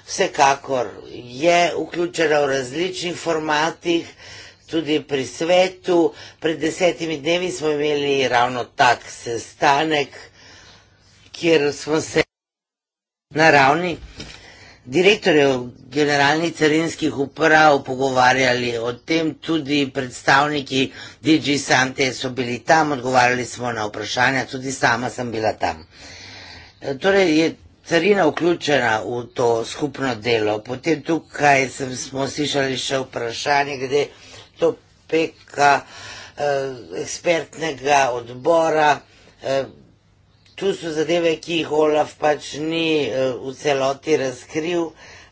Vsekakor je vključena v različnih formatih, tudi pri svetu. Pred desetimi dnevi smo imeli ravno tak sestanek – kjer smo se na ravni direktorjev generalnih carinskih uprav pogovarjali o tem, tudi predstavniki DG Sante so bili tam, odgovarjali smo na vprašanja, tudi sama sem bila tam. E, torej je carina vključena v to skupno delo. Potem tukaj sem, smo slišali še vprašanje, kde to peka eh, ekspertnega odbora, eh, tu so zadeve, ki jih Olaf pač ni eh, v celoti razkril,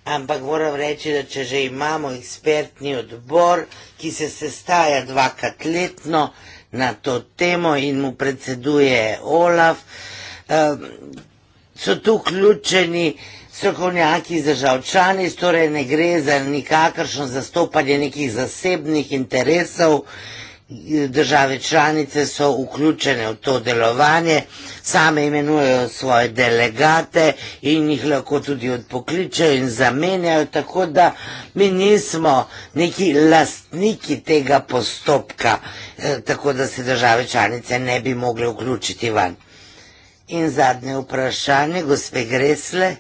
ampak moram reči, da če že imamo ekspertni odbor, ki se sestaja dvakrat letno na to temo in mu predseduje Olaf, eh, so tu vključeni strokovnjaki iz držav članic, torej ne gre za nikakršno zastopanje nekih zasebnih interesov, države članice so vključene v to delovanje, same imenujejo svoje delegate in jih lahko tudi odpokličajo in zamenjajo, tako da mi nismo neki lastniki tega postopka, eh, tako da se države članice ne bi mogli vključiti van. In zadnje vprašanje, gospe Gresle,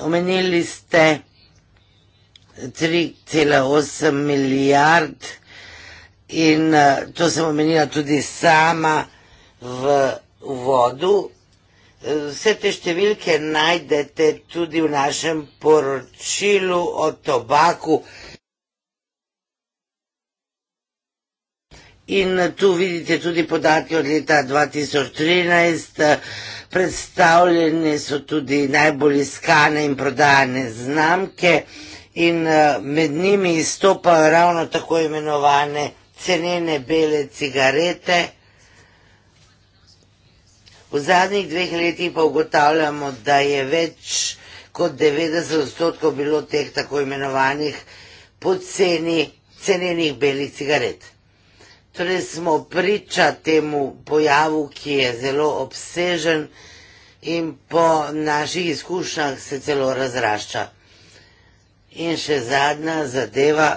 omenili ste 3,8 milijard evrov, In eh, to sem omenila tudi sama v uvodu. Eh, vse te številke najdete tudi v našem poročilu o tobaku. In eh, tu vidite tudi podatke od leta 2013, predstavljene so tudi najbolj iskane in prodane znamke in med njimi izstopajo ravno tako imenovane cenene bele cigarete. V zadnjih dveh letih pa ugotavljamo, da je več kot 90 odstotkov bilo teh tako imenovanih poceni cenenih belih cigaret. Torej smo priča temu pojavu, ki je zelo obsežen in po naših izkušnjah se celo razrašča. In še zadnja zadeva.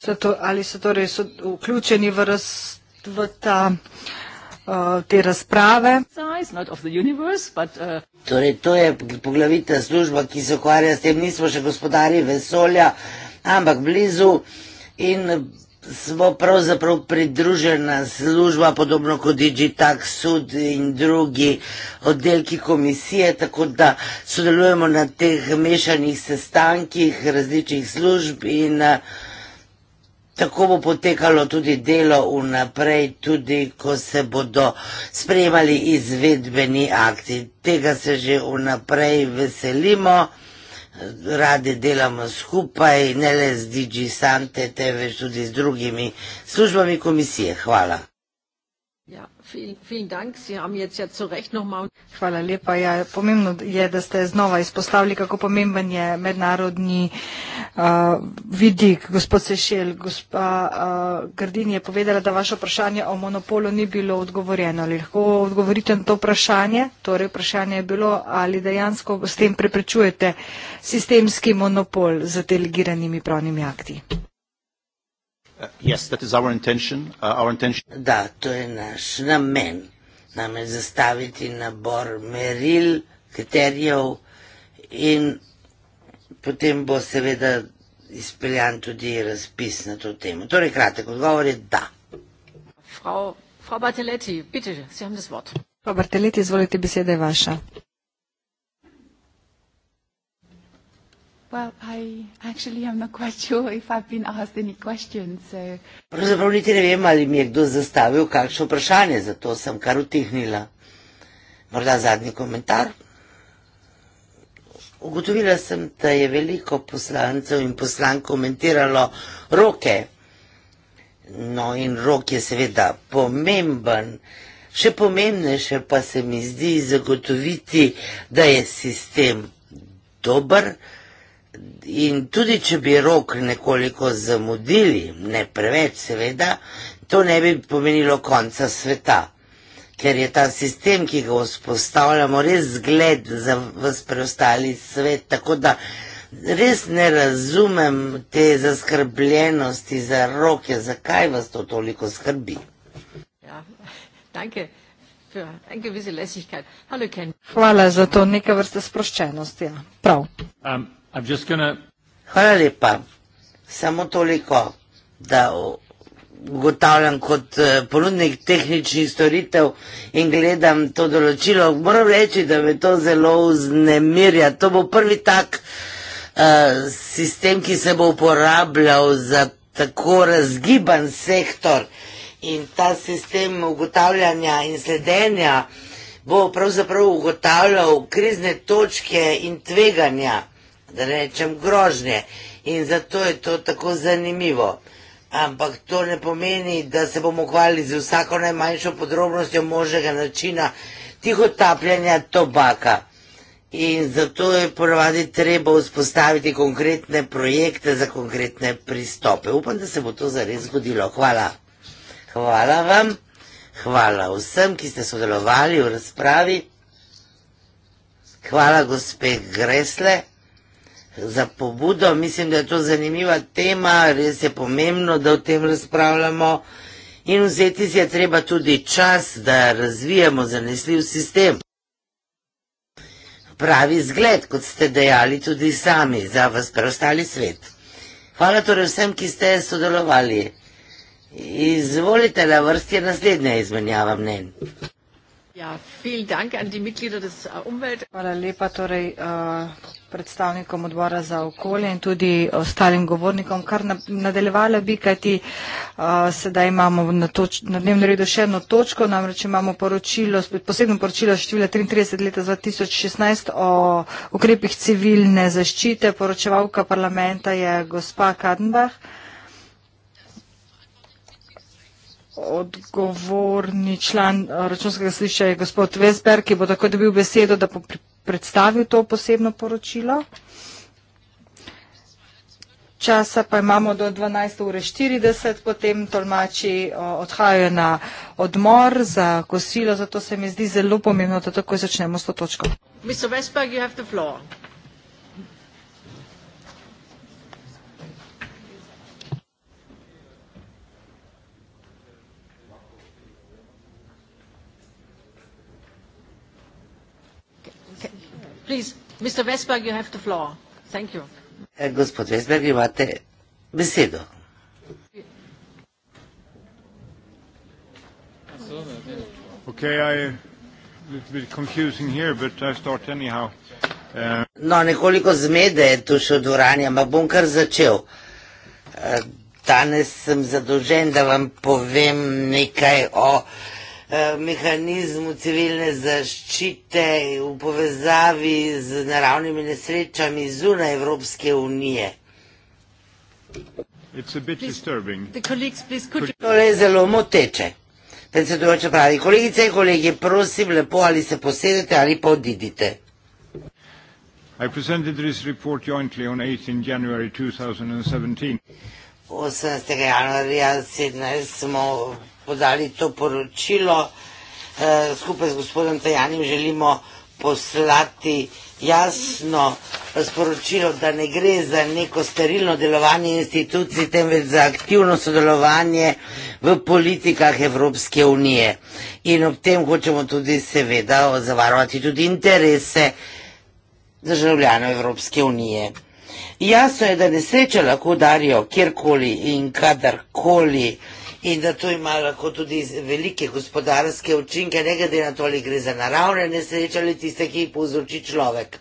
Zato, eh, ali so torej so vključeni v, raz, v ta, uh, te razprave? Universe, but, uh... Torej, to je poglavita služba, ki se ukvarja s tem, nismo še gospodari vesolja, ampak blizu in smo pravzaprav pridružena služba, podobno kot Digitax, sud in drugi oddelki komisije, tako da sodelujemo na teh mešanih sestankih različnih služb in eh, tako bo potekalo tudi delo vnaprej, tudi ko se bodo sprejemali izvedbeni akti. Tega se že vnaprej veselimo radi delamo skupaj, ne le z DigiSante, temveč tudi z drugimi službami komisije. Hvala. Ja Hvala lepa. Ja, pomembno je, da ste znova izpostavili, kako pomemben je mednarodni uh, vidik. Gospod Sešel, gospa uh, Gardin je povedala, da vaše vprašanje o monopolu ni bilo odgovorjeno. Ali lahko odgovorite na to vprašanje? Torej, vprašanje je bilo, ali dejansko s tem preprečujete sistemski monopol z delegiranimi pravnimi akti. Uh, yes, that is our intention. Uh, our intention. Da, to je naš namen. Nam je zastaviti nabor meril, kriterijev in potem bo seveda izpeljan tudi razpis na to temo. Torej, kratek odgovor je da. Frau, Frau Barteletti, bitte, Sie haben das Wort. Frau Barteletti, izvolite, beseda je vaša. Well, I actually am not quite sure if I've been asked any questions. So. Pravzaprav niti ne vem, ali mi je kdo zastavil kakšno vprašanje, zato sem kar utihnila. Morda zadnji komentar. Ugotovila sem, da je veliko poslancev in poslank komentiralo roke. No in rok je seveda pomemben. Še pomembnejše pa se mi zdi zagotoviti, da je sistem dober. In tudi, če bi rok nekoliko zamudili, ne preveč seveda, to ne bi pomenilo konca sveta, ker je ta sistem, ki ga vzpostavljamo, res zgled za vse preostali svet, tako da res ne razumem te zaskrbljenosti za roke, zakaj vas to toliko skrbi. Ja, danke. Hvala za to, neka vrsta sproščenosti. Ja. Prav. Um. Gonna... Hvala lepa. Samo toliko, da ugotavljam kot eh, ponudnik tehničnih storitev in gledam to določilo. Moram reči, da me to zelo vznemirja. To bo prvi tak uh, sistem, ki se bo uporabljal za tako razgiban sektor in ta sistem ugotavljanja in sledenja bo pravzaprav ugotavljal krizne točke in tveganja da rečem grožnje. In zato je to tako zanimivo. Ampak to ne pomeni, da se bomo hvali z vsako najmanjšo podrobnostjo možnega načina tiho tapljanja tobaka. In zato je ponovadi treba vzpostaviti konkretne projekte za konkretne pristope. Upam, da se bo to zares zgodilo. Hvala. Hvala vam. Hvala vsem, ki ste sodelovali v razpravi. Hvala, gospe Gresle za pobudo. Mislim, da je to zanimiva tema, res je pomembno, da o tem razpravljamo. In vzeti si je treba tudi čas, da razvijemo zanesljiv sistem. Pravi zgled, kot ste dejali tudi sami, za vas preostali svet. Hvala torej vsem, ki ste sodelovali. Izvolite na vrsti naslednje izmenjava mnen. Ja, äh, Hvala lepa torej, uh, predstavnikom odbora za okolje in tudi ostalim govornikom, kar nadaljevala bi, kajti uh, sedaj imamo na, toč, na dnevnem redu še eno točko, namreč imamo poročilo, posebno poročilo števila 33 leta 2016 o ukrepih civilne zaščite, poročevalka parlamenta je gospa Kadenbach. odgovorni član eh, računskega slišča je gospod Vesper, ki bo takoj dobil besedo, da bo predstavil to posebno poročilo. Časa pa imamo do 12.40, potem tolmači eh, odhajajo na odmor za kosilo, zato se mi zdi zelo pomembno, da takoj začnemo s to točko. Mr. Vesper, you have the floor. Please, Mr. Vesberg, you have the floor. Thank you. Eh, gospod Vesberg, imate besedo. Okay, I, it's a bit confusing here, but I start anyhow. Uh, no, nekoliko zmede je tu še v dvorani, ampak bom kar začel. Eh, danes sem zadolžen, da vam povem nekaj o Eh, mehanizmu civilne zaščite v povezavi z naravnimi nesrečami zunaj Evropske unije. To je zelo moteče. Predsedujoča pravi, kolegice in kolegi, prosim lepo, ali se posedete ali pa odidite. Osemnajstega januarja sedemnajst smo podali to poročilo. Eh, skupaj z gospodom Tajanjem želimo poslati jasno sporočilo, da ne gre za neko sterilno delovanje institucij, temveč za aktivno sodelovanje v politikah Evropske unije. In ob tem hočemo tudi seveda zavarovati tudi interese državljanov Evropske unije. Jasno je, da nesreče lahko darijo kjerkoli in kadarkoli in da to ima lahko tudi velike gospodarske učinke, ne glede na to, ali gre za naravne nesreče ali tiste, ki jih povzroči človek.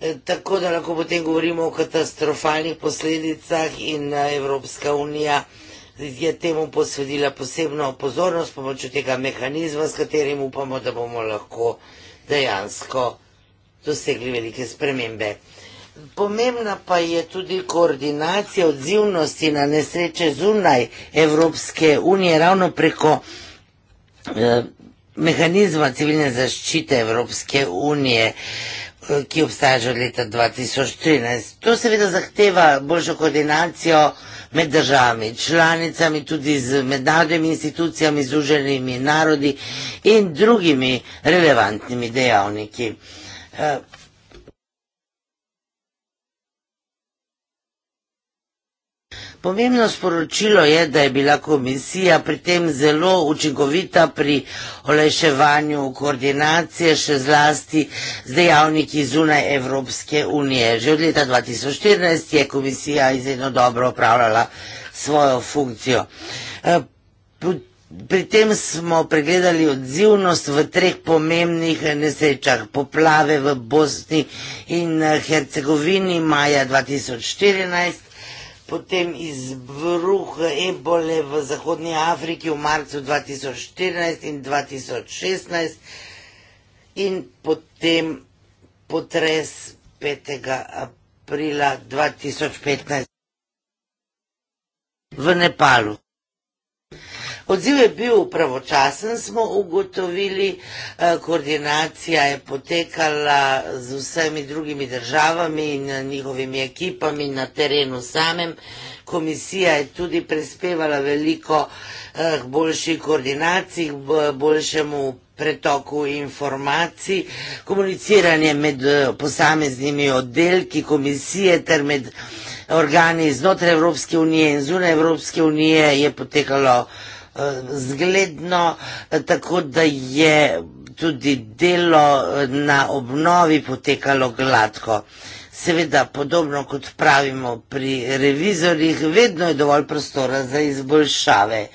E, tako da lahko potem govorimo o katastrofalnih posledicah in e, Evropska unija je temu posvedila posebno pozornost pomočjo tega mehanizma, s katerim upamo, da bomo lahko dejansko dosegli velike spremembe. Pomembna pa je tudi koordinacija odzivnosti na nesreče zunaj Evropske unije, ravno preko eh, mehanizma civilne zaščite Evropske unije, eh, ki obstaja že od leta 2013. To seveda zahteva boljšo koordinacijo med državami, članicami, tudi z mednarodnimi institucijami, združenimi narodi in drugimi relevantnimi dejavniki. Eh, Pomembno sporočilo je, da je bila komisija pri tem zelo učinkovita pri olajševanju koordinacije še zlasti z dejavniki zunaj Evropske unije. Že od leta 2014 je komisija izredno dobro opravljala svojo funkcijo. Eh, pri tem smo pregledali odzivnost v treh pomembnih nesrečah. Poplave v Bosni in eh, Hercegovini maja 2014 potem izbruh ebole v Zahodnji Afriki v marcu 2014 in 2016 in potem potres 5. aprila 2015 v Nepalu. Odziv je bil pravočasen, smo ugotovili, eh, koordinacija je potekala z vsemi drugimi državami in eh, njihovimi ekipami na terenu samem. Komisija je tudi prispevala veliko eh, k boljši koordinaciji, k boljšemu pretoku informacij, komuniciranje med posameznimi oddelki komisije ter med organi znotraj Evropske unije in zunaj Evropske unije je potekalo eh, zgledno, eh, tako da je tudi delo eh, na obnovi potekalo gladko. Seveda, podobno kot pravimo pri revizorjih, vedno je dovolj prostora za izboljšave.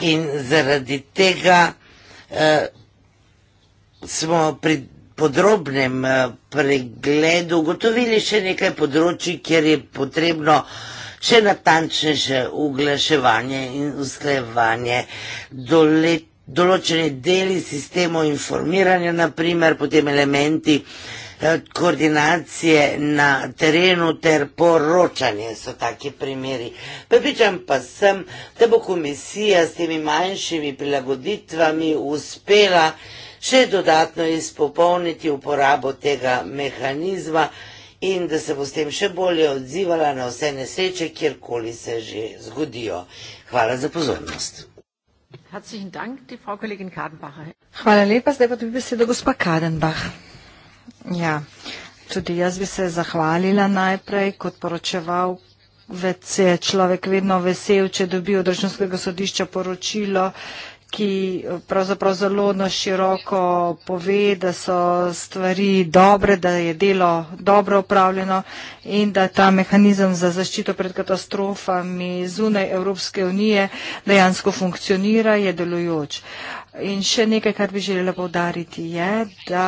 In zaradi tega eh, smo pri podrobnem eh, pregledu ugotovili še nekaj področji, kjer je potrebno še natančnejše uglaševanje in usklajevanje doleti. Določeni deli sistemov informiranja, naprimer, potem elementi eh, koordinacije na terenu ter poročanje so taki primeri. Pripričam pa sem, da bo komisija s temi manjšimi prilagoditvami uspela še dodatno izpopolniti uporabo tega mehanizma in da se bo s tem še bolje odzivala na vse nesreče, kjerkoli se že zgodijo. Hvala za pozornost. Hvala lepa, zdaj pa dobi besedo gospa Kadenbach. Ja, tudi jaz bi se zahvalila najprej, kot poročeval, več je človek vedno vesel, če dobi od Računskega sodišča poročilo, ki pravzaprav zelo naširoko pove, da so stvari dobre, da je delo dobro upravljeno in da ta mehanizem za zaščito pred katastrofami zunaj Evropske unije dejansko funkcionira, je delujoč. In še nekaj, kar bi želela povdariti, je, da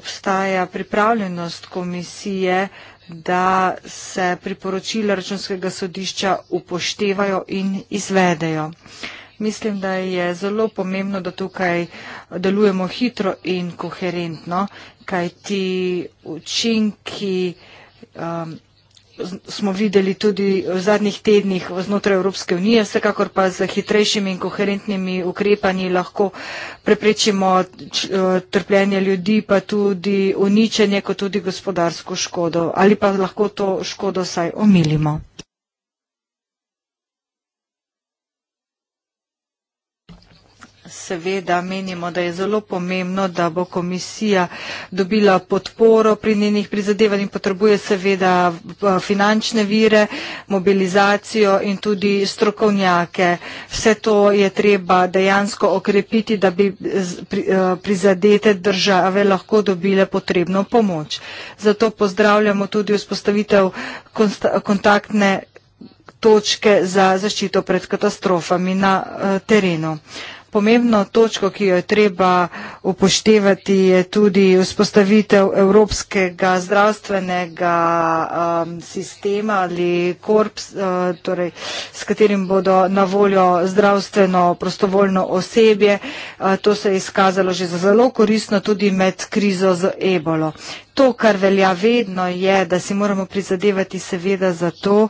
obstaja pripravljenost komisije, da se priporočila računskega sodišča upoštevajo in izvedejo. Uh, Mislim, da je zelo pomembno, da tukaj delujemo hitro in koherentno, kaj ti učinki um, smo videli tudi v zadnjih tednih znotraj Evropske unije, vsekakor pa z hitrejšimi in koherentnimi ukrepanji lahko preprečimo eh, trpljenje ljudi, pa tudi uničenje, kot tudi gospodarsko škodo ali pa lahko to škodo saj omilimo. seveda menimo, da je zelo pomembno, da bo komisija dobila podporo pri njenih prizadevanjih, potrebuje seveda finančne vire, mobilizacijo in tudi strokovnjake. Vse to je treba dejansko okrepiti, da bi eh, prizadete države lahko dobile potrebno pomoč. Zato pozdravljamo tudi vzpostavitev kontaktne točke za zaščito pred katastrofami na eh, terenu. Pomembno točko, ki jo je treba upoštevati, je tudi vzpostavitev evropskega zdravstvenega um, sistema ali korps, uh, torej, s katerim bodo na voljo zdravstveno prostovoljno osebje. Uh, to se je izkazalo že za zelo koristno tudi med krizo z ebolo. To, kar velja vedno, je, da si moramo prizadevati seveda za to,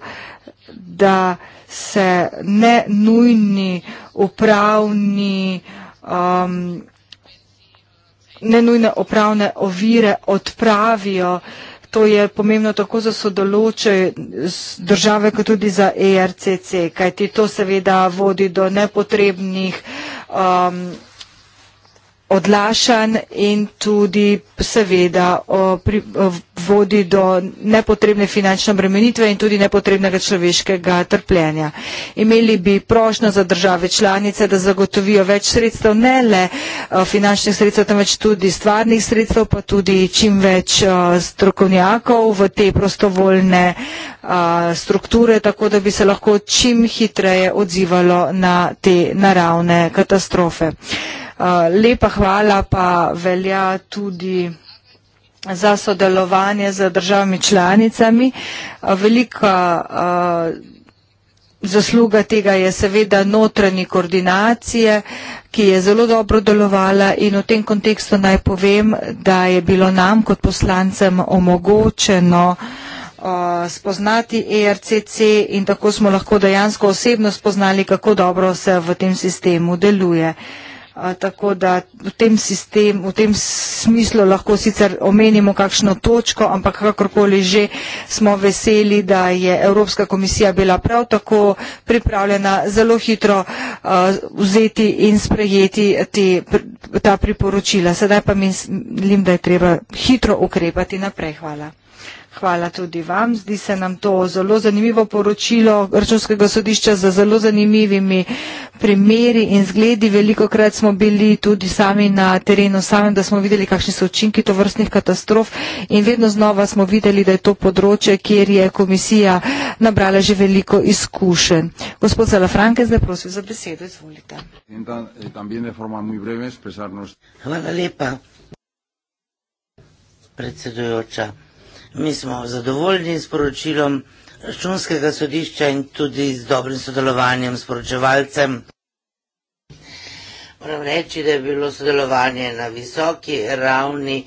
da se ne nujni upravni um, nenujne opravne ovire odpravijo. To je pomembno tako za sodeloče države, kot tudi za ERCC, kajti to seveda vodi do nepotrebnih um, odlašanj in tudi seveda vodi do nepotrebne finančne obremenitve in tudi nepotrebnega človeškega trpljenja. Imeli bi prošnjo za države članice, da zagotovijo več sredstev, ne le finančnih sredstev, temveč tudi stvarnih sredstev, pa tudi čim več strokovnjakov v te prostovoljne strukture, tako da bi se lahko čim hitreje odzivalo na te naravne katastrofe. Eh, lepa hvala pa velja tudi za sodelovanje z državami članicami. Eh, velika eh, zasluga tega je seveda notranji koordinacije, ki je zelo dobro delovala in v tem kontekstu naj povem, da je bilo nam kot poslancem omogočeno spoznati ERCC in tako smo lahko dejansko osebno spoznali, kako dobro se v tem sistemu deluje tako da v tem, sistem, v tem smislu lahko sicer omenimo kakšno točko, ampak kakorkoli že smo veseli, da je Evropska komisija bila prav tako pripravljena zelo hitro vzeti in sprejeti te, ta priporočila. Sedaj pa mislim, da je treba hitro ukrepati naprej. Hvala. Hvala tudi vam. Zdi se nam to zelo zanimivo poročilo Računskega sodišča za zelo zanimivimi primeri in zgledi. Veliko krat smo bili tudi sami na terenu samem, da smo videli, kakšni so učinki to vrstnih katastrof in vedno znova smo videli, da je to področje, kjer je komisija nabrala že veliko izkušenj. Gospod Zalafranke, zdaj prosim za besedo, izvolite. Hvala lepa, predsedujoča. Mi smo zadovoljni s poročilom računskega sodišča in tudi z dobrim sodelovanjem s poročevalcem. Moram reči, da je bilo sodelovanje na visoki ravni,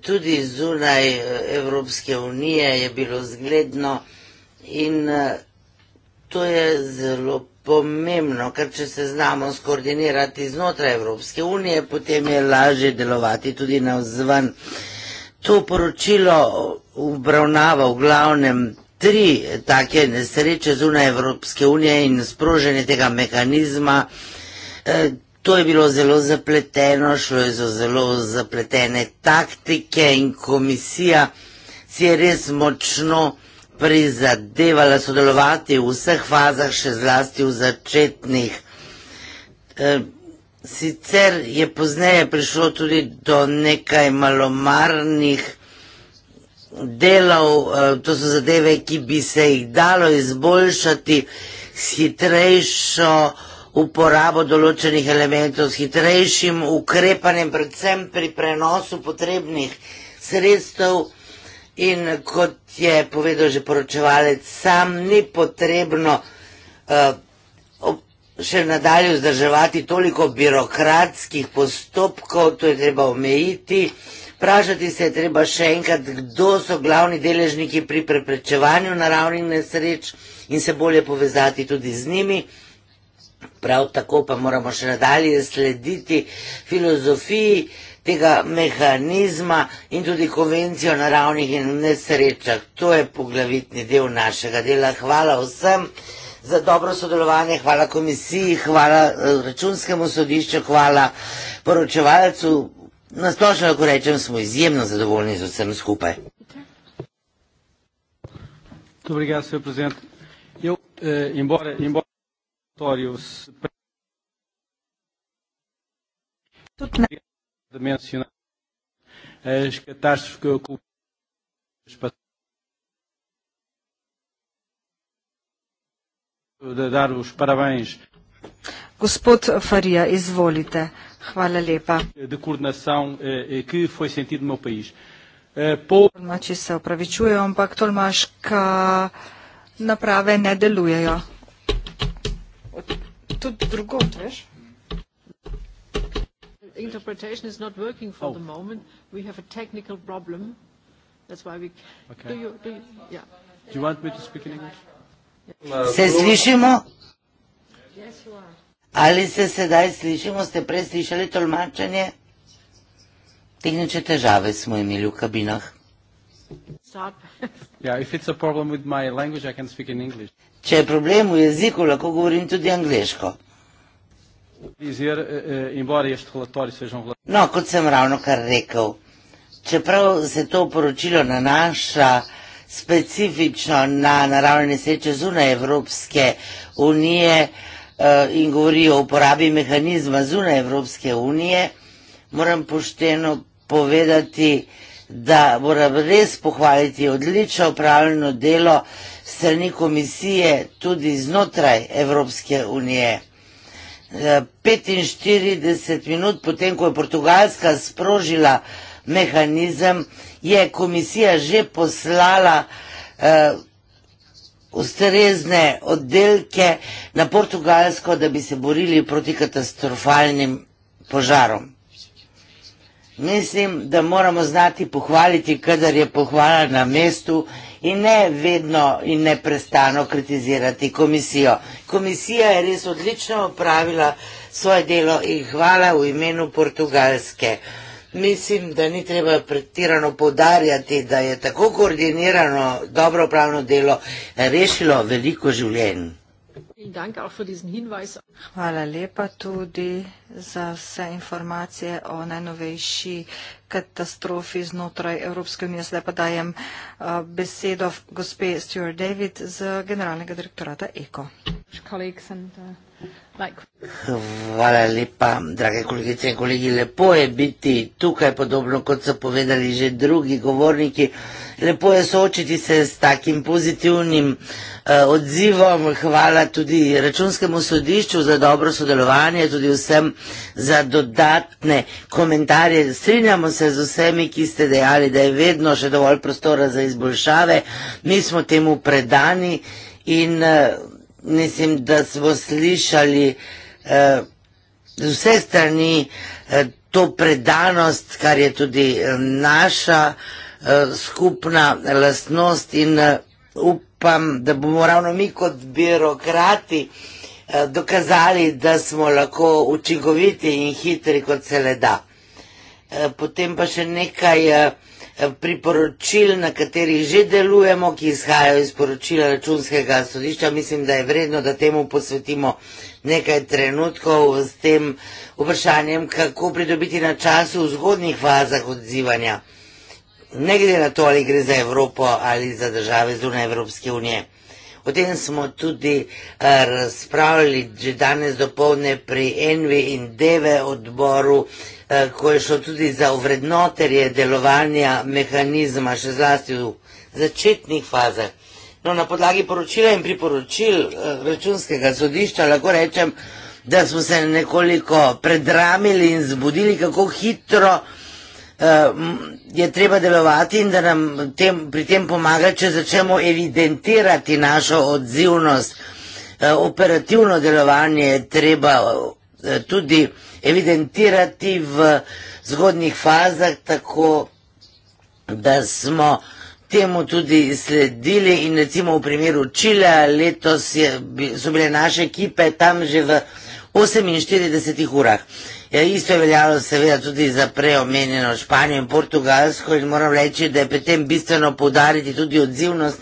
tudi zunaj eh, Evropske unije je bilo zgledno in eh, to je zelo pomembno, ker če se znamo skoordinirati znotraj Evropske unije, potem je lažje delovati tudi na vzven. To poročilo obravnava v glavnem tri take nesreče zunaj Evropske unije in sproženje tega mehanizma. E, to je bilo zelo zapleteno, šlo je za zelo zapletene taktike in komisija si je res močno prizadevala sodelovati v vseh fazah, še zlasti v začetnih. E, sicer je pozneje prišlo tudi do nekaj malomarnih delal, eh, to so zadeve, ki bi se jih dalo izboljšati s hitrejšo uporabo določenih elementov, s hitrejšim ukrepanjem, predvsem pri prenosu potrebnih sredstev. In kot je povedal že poročevalec, sam ni potrebno uh, še nadalje vzdrževati toliko birokratskih postopkov, to je treba omejiti. Vprašati se je treba še enkrat, kdo so glavni deležniki pri preprečevanju naravnih nesreč in se bolje povezati tudi z njimi. Prav tako pa moramo še nadalje slediti filozofiji tega mehanizma in tudi konvencijo naravnih nesrečah. To je poglavitni del našega dela. Hvala vsem za dobro sodelovanje, hvala komisiji, hvala eh, računskemu sodišču, hvala poročevalcu Na splošno, ko rečem, smo izjemno zadovoljni z vsem skupaj. Dobro, ja, eh, se je prezident. Jo, eh, in bore, in bore, torju, s Gospod Farija, izvolite. Hvala lepa. De koordinação eh, eh, que foi sentido no meu país. Eh, Tolmači se opravičujejo, ampak tolmaška naprave ne delujejo. Tudi drugo, veš? Interpretation is not working for oh. the moment. We have a technical problem. That's why we. Okay. Do, you, do, you, yeah. do you want me to speak in English? Yeah. Uh, Se yes, you are. Ali se sedaj slišimo, ste prej slišali tolmačenje? Tehnične težave smo imeli v kabinah. Če je problem v jeziku, lahko govorim tudi angliško. Eh, eh, um no, kot sem ravno kar rekel, čeprav se to poročilo nanaša specifično na naravne nesreče zunaj Evropske unije, Eh, in govori o uporabi mehanizma zunaj Evropske unije, moram pošteno povedati, da moram res pohvaliti odlično upravljeno delo strani komisije tudi znotraj Evropske unije. 45 eh, minut potem, ko je Portugalska sprožila mehanizem, je komisija že poslala eh, ustrezne oddelke na Portugalsko, da bi se borili proti katastrofalnim požarom. Mislim, da moramo znati pohvaliti, kadar je pohvala na mestu in ne vedno in neprestano kritizirati komisijo. Komisija je res odlično opravila svoje delo in hvala v imenu Portugalske. Mislim, da ni treba pretirano podarjati, da je tako koordinirano dobro pravno delo rešilo veliko življenj. Hvala lepa tudi za vse informacije o najnovejši katastrofi znotraj Evropske unije. Zdaj pa dajem eh, besedo gospe Stuart David z generalnega direktorata ECO. Kolegi, sem, uh... Hvala lepa, drage kolegice in kolegi. Lepo je biti tukaj, podobno kot so povedali že drugi govorniki. Lepo je soočiti se s takim pozitivnim eh, odzivom. Hvala tudi računskemu sodišču za dobro sodelovanje, tudi vsem za dodatne komentarje. Strinjamo se z vsemi, ki ste dejali, da je vedno še dovolj prostora za izboljšave. Mi smo temu predani in. Eh, mislim, da smo slišali eh, z eh, vseh strani eh, to predanost, kar je tudi eh, naša eh, skupna lastnost in eh, upam, da bomo ravno mi kot birokrati eh, dokazali, da smo lahko učinkoviti in hitri, kot se le da. Eh, potem pa še nekaj. Eh, priporočil, na katerih že delujemo, ki izhajajo iz poročila računskega sodišča. Mislim, da je vredno, da temu posvetimo nekaj trenutkov s tem vprašanjem, kako pridobiti na času v zgodnih fazah odzivanja. Ne glede na to, ali gre za Evropo ali za države zunaj Evropske unije. O tem smo tudi eh, razpravljali že danes do povne pri Envi in Deve odboru, eh, ko je šlo tudi za uvrednoterje delovanja mehanizma, še zlasti v začetnih fazah. No, na podlagi poročila in priporočil eh, računskega sodišča lahko rečem, da smo se nekoliko predramili in zbudili, kako hitro je treba delovati in da nam tem, pri tem pomaga, če začnemo evidentirati našo odzivnost. Operativno delovanje je treba eh, tudi evidentirati v zgodnih fazah, tako da smo temu tudi sledili in recimo v primeru Čile letos je, so bile naše ekipe tam že v 48 urah. Ja, isto je veljalo seveda tudi za preomenjeno Španijo in Portugalsko in moram reči, da je pri tem bistveno poudariti tudi odzivnost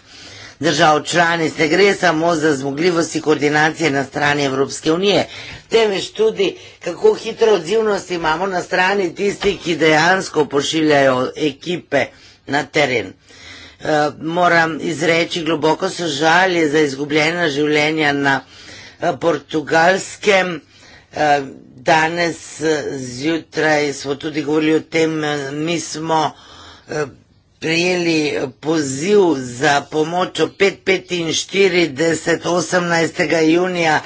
držav članic. Ne gre samo za zmogljivosti koordinacije na strani Evropske unije, temveč tudi kako hitro odzivnost imamo na strani tistih, ki dejansko pošiljajo ekipe na teren. Uh, moram izreči globoko sožalje za izgubljena življenja na uh, portugalskem. Uh, danes eh, zjutraj smo tudi govorili o tem, eh, mi smo eh, prijeli poziv za pomoč o 5.45. 18. junija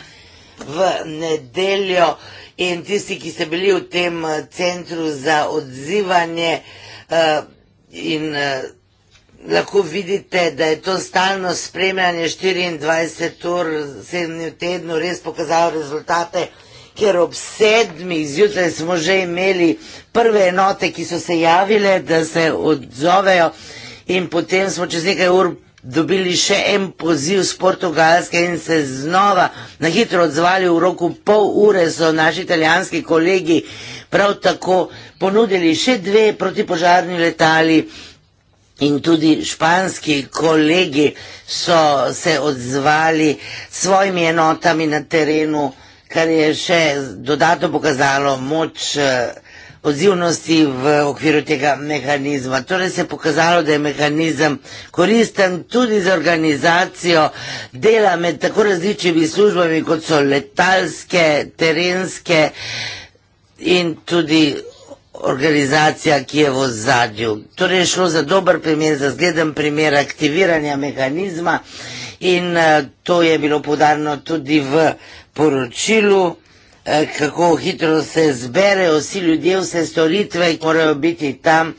v nedeljo in tisti, ki ste bili v tem centru za odzivanje in lahko vidite, da je to stalno spremljanje 24 ur, 7 dni v tednu, res pokazalo rezultate ker ob sedmih zjutraj smo že imeli prve enote, ki so se javile, da se odzovejo in potem smo čez nekaj ur dobili še en poziv z Portugalske in se znova na hitro odzvali v roku pol ure so naši italijanski kolegi prav tako ponudili še dve protipožarni letali in tudi španski kolegi so se odzvali svojimi enotami na terenu kar je še dodatno pokazalo moč eh, odzivnosti v okviru tega mehanizma. Torej se je pokazalo, da je mehanizem koristen tudi za organizacijo dela med tako različnimi službami, kot so letalske, terenske in tudi organizacija, ki je v ozadju. Torej je šlo za dober primer, za zgleden primer aktiviranja mehanizma in eh, to je bilo podarno tudi v poročilu, eh, kako hitro se zberejo vsi ljudje, vse storitve, ki morajo biti tam.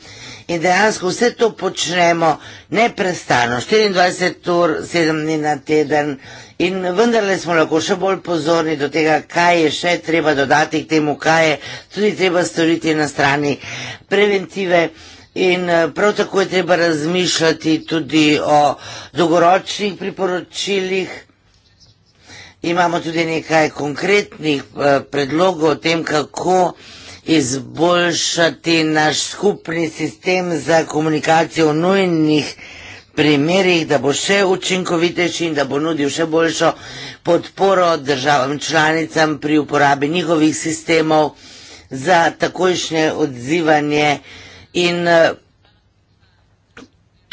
In dejansko vse to počnemo neprestano, 24 ur, 7 dni na teden. In vendarle smo lahko še bolj pozorni do tega, kaj je še treba dodati k temu, kaj je tudi treba storiti na strani preventive. In eh, prav tako je treba razmišljati tudi o dolgoročnih priporočilih. Imamo tudi nekaj konkretnih eh, predlogov o tem, kako izboljšati naš skupni sistem za komunikacijo v nujnih primerih, da bo še učinkovitejši in da bo nudil še boljšo podporo državam članicam pri uporabi njihovih sistemov za takojšnje odzivanje in eh,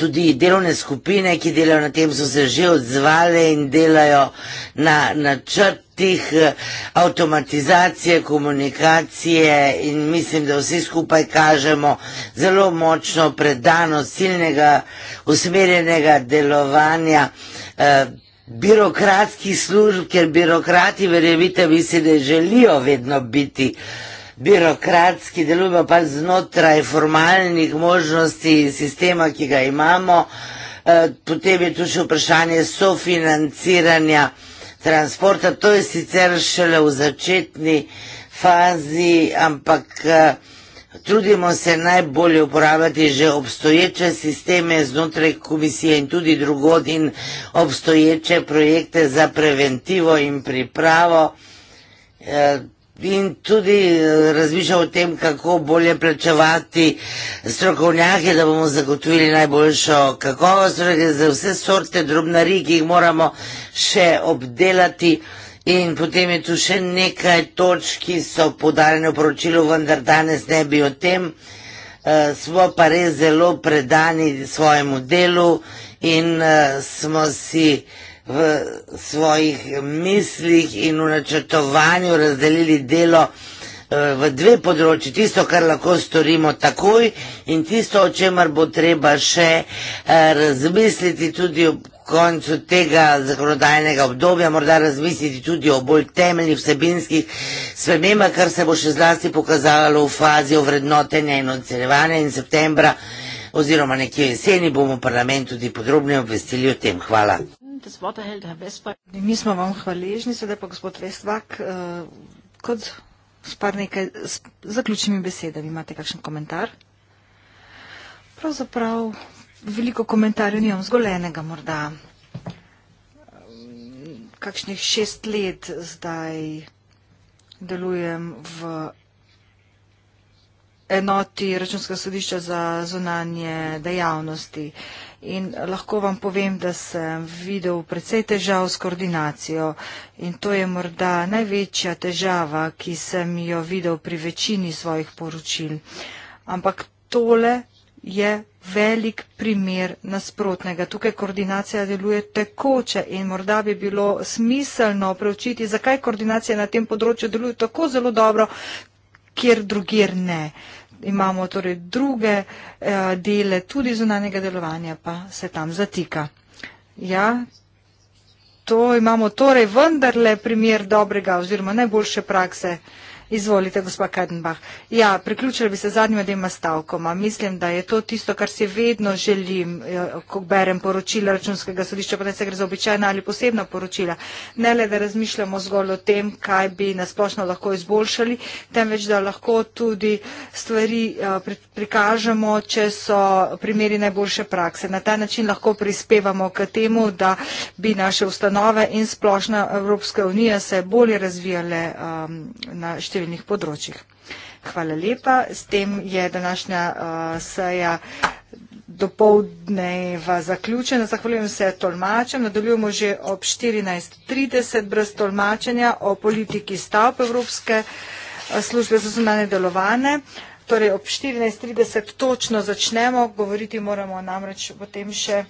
tudi delovne skupine, ki delajo na tem, so se že odzvale in delajo na načrtih eh, avtomatizacije, komunikacije in mislim, da vsi skupaj kažemo zelo močno predanost silnega usmerjenega delovanja. Eh, birokratskih služb, ker birokrati, verjavite, mislim, da želijo vedno biti uh, birokratski, delujemo pa znotraj formalnih možnosti sistema, ki ga imamo. E, potem je tu še vprašanje sofinanciranja transporta. To je sicer šele v začetni fazi, ampak e, trudimo se najbolje uporabljati že obstoječe sisteme znotraj komisije in tudi drugod in obstoječe projekte za preventivo in pripravo. E, In tudi eh, razmišlja o tem, kako bolje plačevati strokovnjake, da bomo zagotovili najboljšo kakovost, torej za vse sorte drobnari, ki jih moramo še obdelati. In potem je tu še nekaj točk, ki so podarjene v poročilu, vendar danes ne bi o tem. Uh, smo pa res zelo predani svojemu delu in uh, smo si v svojih mislih in v načrtovanju razdelili delo eh, v dve področji, tisto, kar lahko storimo takoj in tisto, o čemer bo treba še eh, razmisliti tudi ob koncu tega zakonodajnega obdobja, morda razmisliti tudi o bolj temeljnih vsebinskih spremembah, kar se bo še zlasti pokazalo v fazi ovrednotenja in ocenjevanja in septembra oziroma nekje jeseni bomo parlament tudi podrobneje obvestili o tem. Hvala das Wort erhält Herr Vesper. Mi smo vam hvaležni, sedaj pa gospod Vestvak, eh, kot s par nekaj zaključnimi besedami, imate kakšen komentar? Pravzaprav veliko komentarjev nimam, zgolj enega morda. Kakšnih šest let zdaj delujem v enoti računskega sodišča za zunanje dejavnosti. In lahko vam povem, da sem videl precej težav s koordinacijo in to je morda največja težava, ki sem jo videl pri večini svojih poročil. Ampak tole je velik primer nasprotnega. Tukaj koordinacija deluje tekoče in morda bi bilo smiselno preučiti, zakaj koordinacija na tem področju deluje tako zelo dobro, kjer drugir ne. Uh, imamo torej druge eh, dele tudi zunanjega delovanja, pa se tam zatika. Ja, to imamo torej vendarle primer dobrega oziroma najboljše prakse. Izvolite, gospa Kadenbach. Ja, priključila bi se zadnjima dvema stavkoma. Mislim, da je to tisto, kar si vedno želim, eh, ko berem poročila računskega sodišča, pa ne se gre za običajna ali posebna poročila. Ne le, da razmišljamo zgolj o tem, kaj bi nasplošno lahko izboljšali, temveč, da lahko tudi stvari eh, prikažemo, če so primeri najboljše prakse. Na ta način lahko prispevamo k temu, da bi naše ustanove in splošna Evropska unija se bolje razvijale ehm, na številu številnih področjih. Hvala lepa. S tem je današnja uh, seja dopoldneva zaključena. Zahvaljujem se tolmačem. Nadaljujemo že ob 14.30 brez tolmačenja o politiki stavb Evropske uh, službe za zunanje delovanje. Torej ob 14.30 točno začnemo, govoriti moramo namreč potem še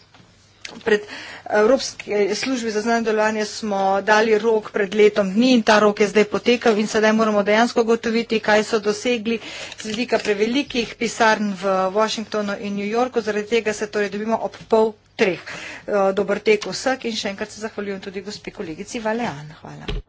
pred Evropske službe za znanje delovanje smo dali rok pred letom dni in ta rok je zdaj potekal in sedaj moramo dejansko gotoviti, kaj so dosegli z vidika prevelikih pisarn v Washingtonu in New Yorku. Zaradi tega se torej dobimo ob pol treh. Eh, Dobro tek vsak in še enkrat se zahvaljujem tudi gospi kolegici Valean. Hvala.